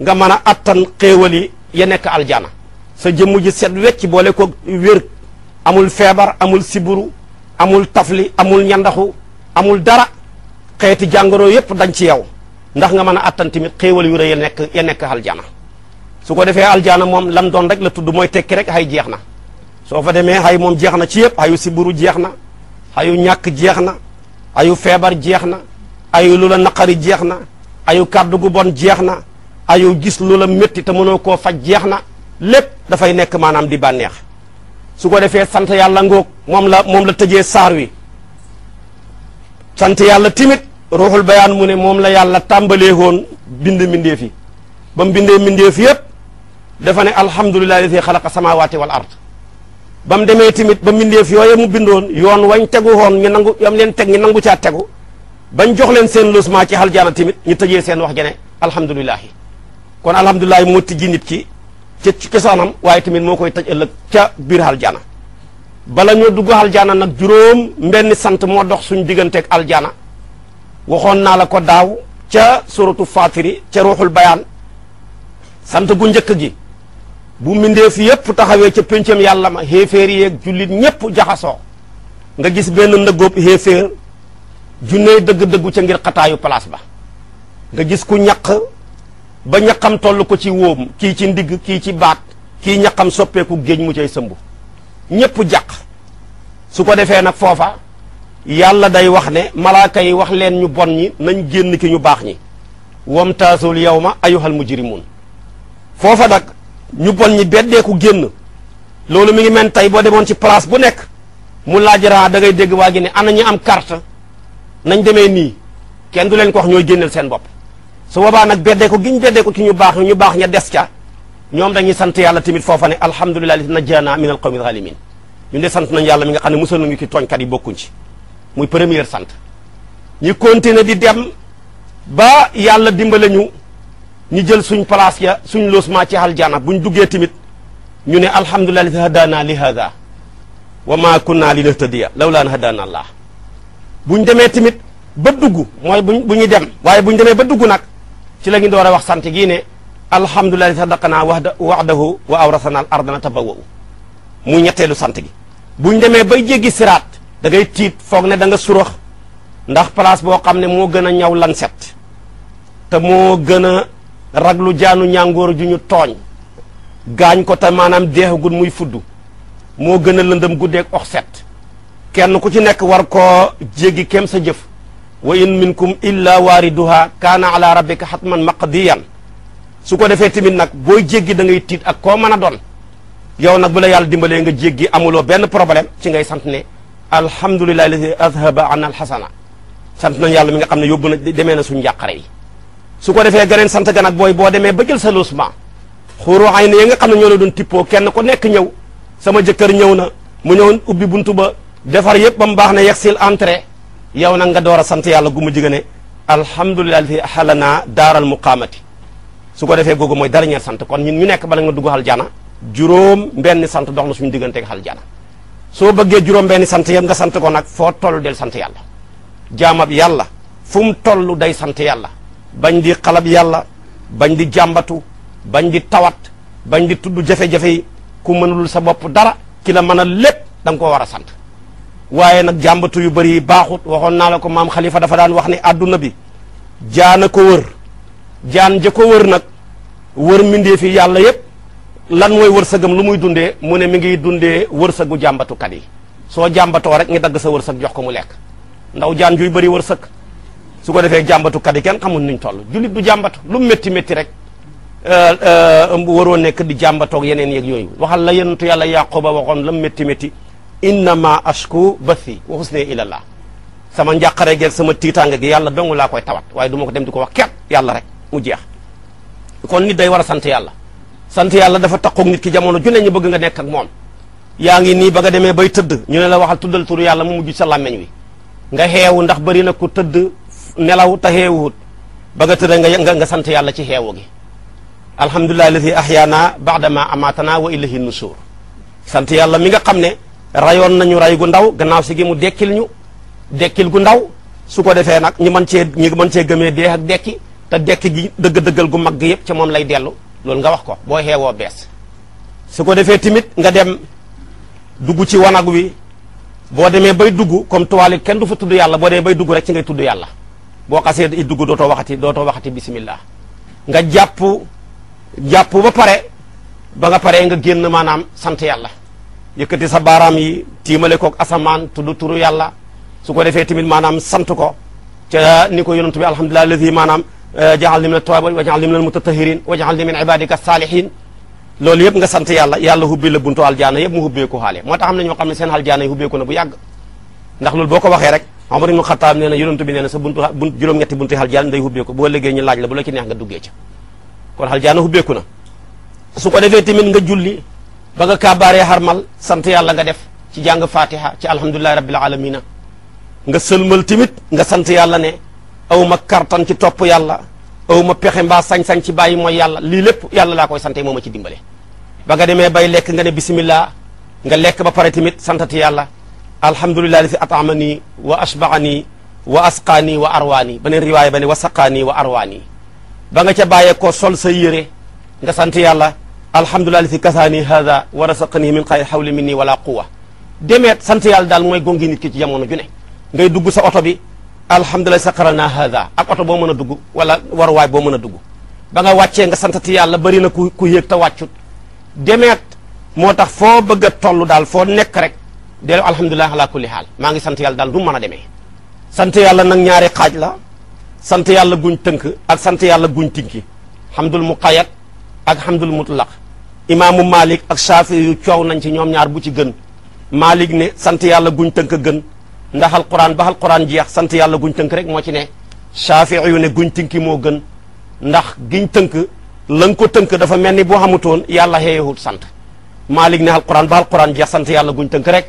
nga mën a attan xéewal yi ya nekk aljana sa jëmm ji set wecc boole ko wér amul feebar amul sibru amul tafli amul ñandaxu amul dara xeeti jàngoro yépp dañ ci yow ndax nga mën na attan tamit xéewal yu rëy ya nekk ya nekk aljana su ko defee aljana moom lan don rek la tudd mooy tekki rek xay jeex na soo fa demee xay moom jeex na ci yépp xayu siburu jeex na xayu ñàkk jeex na ayu feebar jeex na ayu lu la naqari jeex na ayu kàddu gu bon jeex na ayu gis lu la métti te mënoo koo faj jeex na lépp dafay nekk maanaam di bànneex su ko defee sant yàlla ngoog moom la moom la tëjee saar wi sant yàlla timit ruuxul bayaan mu ne moom la yàlla tàmbalee woon bind mbindeef yi ba mu bindee mbindeef yëpp dafa ne alhamdulillahi alladi xalaqa samaawaati wal ard ba mu demee tamit ba mbindeef yooye mu bindoon yoon wañ tegu woon ñu yam leen teg ñu nangu caa tegu bañ jox leen seen losement ci aljana tamit ñu tëjee seen wax gene alhamdulillahi kon alhamdulillahi moo tijji nit ci ci cosaanam waaye tamit moo koy tëj ëllëg ca biir aljana bala ñoo dugg aljana nag juróom mbenn sant moo dox suñu digganteeg aljana waxoon naa la ko daaw ca suratu fatiri ca ruuxul bayaan sant gu njëkk gi bu mbindeef yépp taxawee ca péncam yàlla ma xéeféer yeeg jullit ñépp jaxasoo nga gis benn ndëggoob xéeféer junney dëgg-dëggu ca ngir xataayu place ba nga gis ku ñaq ba ñaxam toll ko ci wóom kii ci ndigg kii ci baat kii ñaqam soppeeku géej mu cay sëmbu ñépp jàq su ko defee nag foofa yàlla day wax ne malaaka yi wax leen ñu bon ñi nañ génn ki ñu baax ñi wamtaasul yawma ayyuhal mujrimun foofa nag ñu bon ñi beddeeku génn loolu mi ngi mel tey boo demoon ci place bu nekk mu laaj raa da ngay dégg waa gi ne ana ñi am carte nañ demee nii kenn du leen ko wax ñooy génneel seen bopp su boobaa nag beddeeku gi ñu beddeeku ki ñu baax ñu baax ña des ca ñoom dañuy sant yàlla tamit foofa ne alhamdulillahi najjaana min alqawmi zalimin ñu de sant nañ yàlla mi nga xam ne musal nañu ki tooñkat yi bokkuñ ci muy première sant ñi continuer di dem ba yàlla dimbale ñu ñu jël suñ place ya suñ losement ci aljana buñ duggee tamit ñu ne alhamdulilah li hadana li hada wa ma kunna li nahtadiya lawla an hadana allah buñ demee tamit ba dugg mooy buñ bu ñuy dem waaye buñ demee ba duggu nag ci la ñu door a wax sant gi ne alhamdulilah li sadaqana wada wahdahu wa awrasana al ardana tabawwa'u mu ñetteelu sant gi buñ demee ba jéggi siraat da ngay tiit foog ne danga nga surax ndax place boo xam ne moo gën a ñaw lanset te moo gën a raglu jaanu ñàngoor ju ñu tooñ gaañ ko te maanaam deexagul muy fudd moo gën a lëndëm guddeeg oxset kenn ku ci nekk war ko jéggi kem sa jëf wa in minkum illa waariduha kaana man maq xatman maqdiyan su ko defee tamit nag booy jéggi da ngay tiit ak koo mën a doon yow nag bu la yàlla dimbalee nga jéggi amuloo benn problème ci ngay sant ne alhamdulilah alladi adhaba an alxasana sant nañ yàlla mi nga xam ne yóbbu na demee na suñu njàqare su ko defee ganeen sant gan ak booy boo demee ba jël sa losement xuuru ay na ya nga xam ne ñoo la doon tippoo kenn ku nekk ñëw sama jëkkër ñëw na mu ñëwoon ubbi buntu ba defar yëpp ba mu baax ne yegsil entrée yow nag nga door a sant yàlla gu mu jigéen ne alhamdulilah fi xalana daaral muqaamati su ko defee googu mooy dernier sant kon ñun ñu nekk bala nga dugg xal jana juróom benn sant dox na suñu digganteeg xal jana soo bëggee juróom-benni sant yëpp nga sant ko nag foo toll del sant yàlla jaamab yàlla fu mu toll day sant yàlla bañ di xalab yàlla bañ di jàmbatu bañ di tawat bañ di tudd jafe-jafe yi ku mënul sa bopp dara ki la mën a lépp da ko war a sant waaye nag jàmbatu yu bari yi baaxut waxoon naa la ko maam xalifa dafa daan wax ni àdduna bi jaana ko wër jaan ja ko wër nag wër mbindee fi yàlla yëpp lan mooy wërsëgam lu muy dundee mu ne mi ngi dundee wërsëgu jàmbatukat yi soo jàmbatoo rek ngi dagg sa wërsëg jox ko mu lekk ndaw jaan juy bëri wërsëg su ko defee jàmbatukat yi kenn xamul nuñ toll julit du jàmbatu lu métti métti rek euh, euh, waroo nekk di jàmbatoog yeneen yeeg yooyu waxal la yenentu yàlla yàqooba waxoon lam métti métti innama ashku bathi wa husni ilallah sama njàqare geeg sama tiitaange gi yàlla dong laa koy tawat waaye du ma ko dem di ko wax ket yàlla rek mu jeex kon nit day war a sant yàlla sant yàlla dafa takkoog nit ki jamono ju ne ñu bëgg nga nekk ak moom yaa ngi nii ba nga demee bay tëdd ñu ne la waxal tuddal turu yàlla mu mujj sa làmmeñ wi nga xeewu ndax bari na ku tëdd nelaw te xeewuut ba nga tëdd nga nga sant yàlla ci xeewu gi alhamdulilah alladi ahyaana baadama amaatana wa ilayhi nusuur sant yàlla mi nga xam ne rayoon nañu ray gu ndaw gannaaw si gi mu dekkil ñu dekkil gu ndaw su ko defee nag ñu mën cee mën cee gëmee dee ak dekki te dekki gi dëgg gu mag yëpp ca moom lay dellu loolu nga wax ko boo xeewoo bees su ko defee tamit nga dem dugg ci wanag wi boo demee bay dugg comme toile kenn du fa tudd yàlla boo demee bay dugg rek ci ngay tudd yàlla boo xasee i dugg dootoo waxati dootoo waxati bismillah nga jàpp jàpp ba pare ba nga paree nga génn maanaam sant yàlla yëkkati sa baaraam yi tiimale ko asamaan tudd turu yàlla su ko defee tamit maanaam sant ko ca ni ko yonent bi alhamdulilah lazi maanaam Eh, jaxal ni min at-tawwaabiin wa sant yàlla yàlla hubbi la buntu aljaana yëpp mu hubbeeku xaale moo tax am na ñoo xam ne seen aljaana yi hubbeeku na bu yàgg ndax loolu boo ko waxee rek Omar ibn Xattaab nee na yonent bi nee sa buntu buntu juróom-ñetti nga duggee ca defee tamit nga julli ba nga kàbbaaree harmal sant yàlla nga def ci jàng fatiha ci alhamdulilahi rabbil alamina nga sëlmal tamit nga sant yàlla ne awma kartan ci topp yàlla awma pexe mbaa sañ-sañ ci bàyyi mooy yàlla lii lépp yàlla laa koy sante moo ma ci dimbale ba nga demee bay lekk nga ne bismillah nga lekk ba pare tamit santati yàlla alhamdulillahi lazi at'amani wa ashba'ani wa asqaani wa arwaani beneen riwaaya ba ne wa saqaani wa arwaani ba nga ca bàyyee ko sol say yére nga sant yàlla alhamdulillahi lazi kasaani haada wa rasaqani min xayri hawli minni wala quwa demeet sant yàlla daal mooy gongi nit ki ci jamono ju ne ngay alhamdulilah saqarana hada ak oto boo mën a dugg wala waruwaay boo mën a dugg ba nga wàccee nga santati yàlla bari na ku ku yéeg te wàccut demeet moo tax foo bëgg a toll daal foo nekk rek delu alhamdulilah ala kulli haal maa ngi sant yàlla daal du mën a demee sant yàlla nag ñaari xaaj la sant yàlla guñ tënk ak sant yàlla guñ tinki hamdul muqayyad ak hamdul mutlaq imaamu malik ak shaafi yu coow nañ ci ñoom ñaar bu ci gën malik ne sant yàlla guñ tënk gën ndax al alquran ba alquran jeex sant yàlla guñ tënk rek moo ci ne Shaafi'i yu ne guñ tënki moo gën ndax giñ tënk la nga ko tënk dafa mel ni boo xamutoon yàlla xeeyewut sant Maalik ne alquran ba alquran jeex sant yàlla guñ tënk rek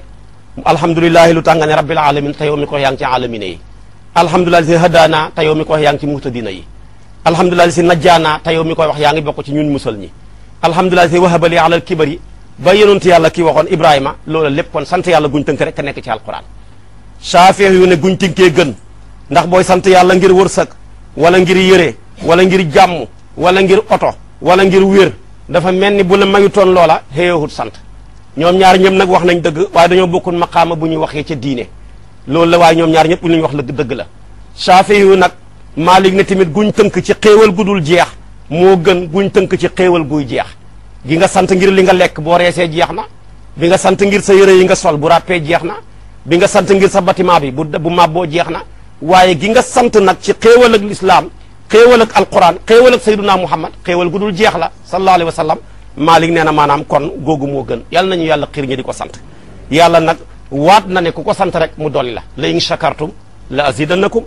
alhamdulilahi lu tax nga ne rabbil alamin te yow mi ko wax yaa ngi ci alamina yi alhamdulilahi si hadaana te yow mi ko wax yaa ngi ci muhtadina yi alhamdulilahi si najjaana te yow mi koy yaa ngi bokk ci ñun musal ñi alhamdulilahi si wahabali alal kibari ba yonent yàlla ki waxoon Ibrahima loola lépp kon sant yàlla guñ tënk rek te nekk ci alquran saafeex yu ne guñ tinkee gën ndax booy sant yàlla ngir wërsëg wala ngir yére wala ngir jàmm wala ngir oto wala ngir wér dafa mel ni bu la mayutoon loola xëyoowut sant ñoom ñaar ñëpp nag wax nañ dëgg waaye dañoo bokkul maqaama bu ñuy waxee ca diine loolu la waaye ñoom ñaar ñëpp lu ñuy wax la dëgg la saafee yu nag maalik ne tamit guñ tënk ci xéewal gu dul jeex moo gën guñ tënk ci xéewal guy jeex gi nga sant ngir li nga lekk boo reesee jeex na bi nga sant ngir sa yére yi nga sol bu ràppee jeex na bi nga sant ngir sa bâtiment bi bu bu boo jeex na waaye gi nga sant nag ci xéewal ak lislaam xéewal ak alquran xéewal ak sayduna muhammad xéewal gu dul jeex la sallallahu alayhi wa sallam maalik nee na maanaam kon googu moo gën yàlla nañu yàlla xir ñi di ko sant yàlla nag waat na ne ku ko sant rek mu dolli la la in shakartum la azidannakum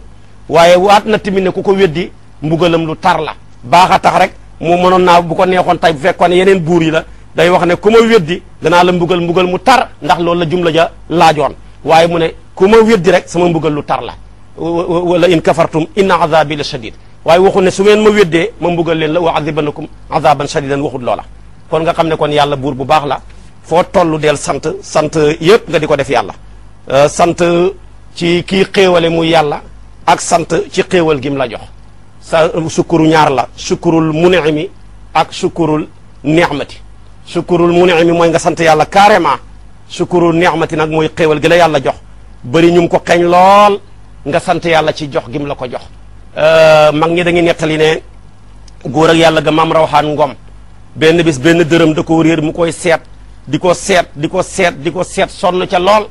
waaye waat na tamit ne ku ko weddi mbugalam lu tar la baax a tax rek mu mënoon naa bu ko neexoon tey bu fekkoon yeneen buur yi la day wax ne ku ma weddi danaa la mbugal mbugal mu tar ndax loolu la jumla ja laajoon waaye mu ne ku ma weddi rek sama mbugal lu tar la wala in kafartum inna azabi la shadid waaye waxu ne su ween ma weddee ma mbugal leen la wa azibanakum azaban shadidan waxut loola kon nga xam ne kon yàlla buur bu baax la foo toll del sant sant yëpp nga di ko def yàlla euh, sant ci kii xéewale muy yàlla ak sant ci xéewal gim la jox sa sukkuru ñaar la sukkurul munimi ak sukkurul neexmati sukkurul munimi mooy nga sant yàlla carrément sukuru ni'mati nag mooy xéewal gi la jox bari ñum ko xeeñ lool nga sant yàlla ci jox gim la ko jox euh, mag ñi da ngay nettali ne góor ak yàlla ga maam rawxaan ngom benn bis benn dërëm da ko réer mu koy seet di ko seet di ko seet di ko seet sonn ca lool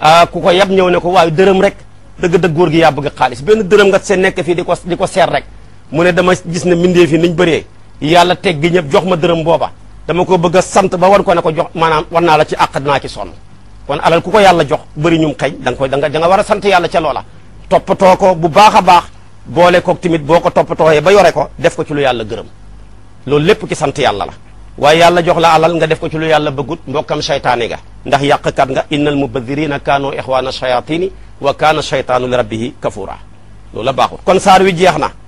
ah, ku ko yab ñëw ne ko waaye dërëm rek dëgg-dëgg góor gi yaa bëgg xaalis benn dërëm nga seen nekk fii di ko di ko seet rek mu ne dama gis ne mbindee fi niñ bëree yàlla teg gi ñëpp jox ma dërëm booba dama ko bëgg a sant ba war ko ne ko jox maanaam war naa la ci àq dinaa ci sonn kon alal ku ko yàlla jox bëri ñum xëy da nga koy da nga war sant yàlla ca loola toppatoo ko bu baax a baax boole ko tamit boo ko toppatooyee ba yore ko def ko ci lu yàlla gërëm loolu lépp ki sant yàlla la waaye yàlla jox la alal nga def ko ci lu yàlla bëggut mbokkam seytaane ga ndax kat nga innal mubadirina kaanu ixwaana shayatini wa kaana shaytaanu li rabbihi kafura loolu la baaxul kon saar wi jeex na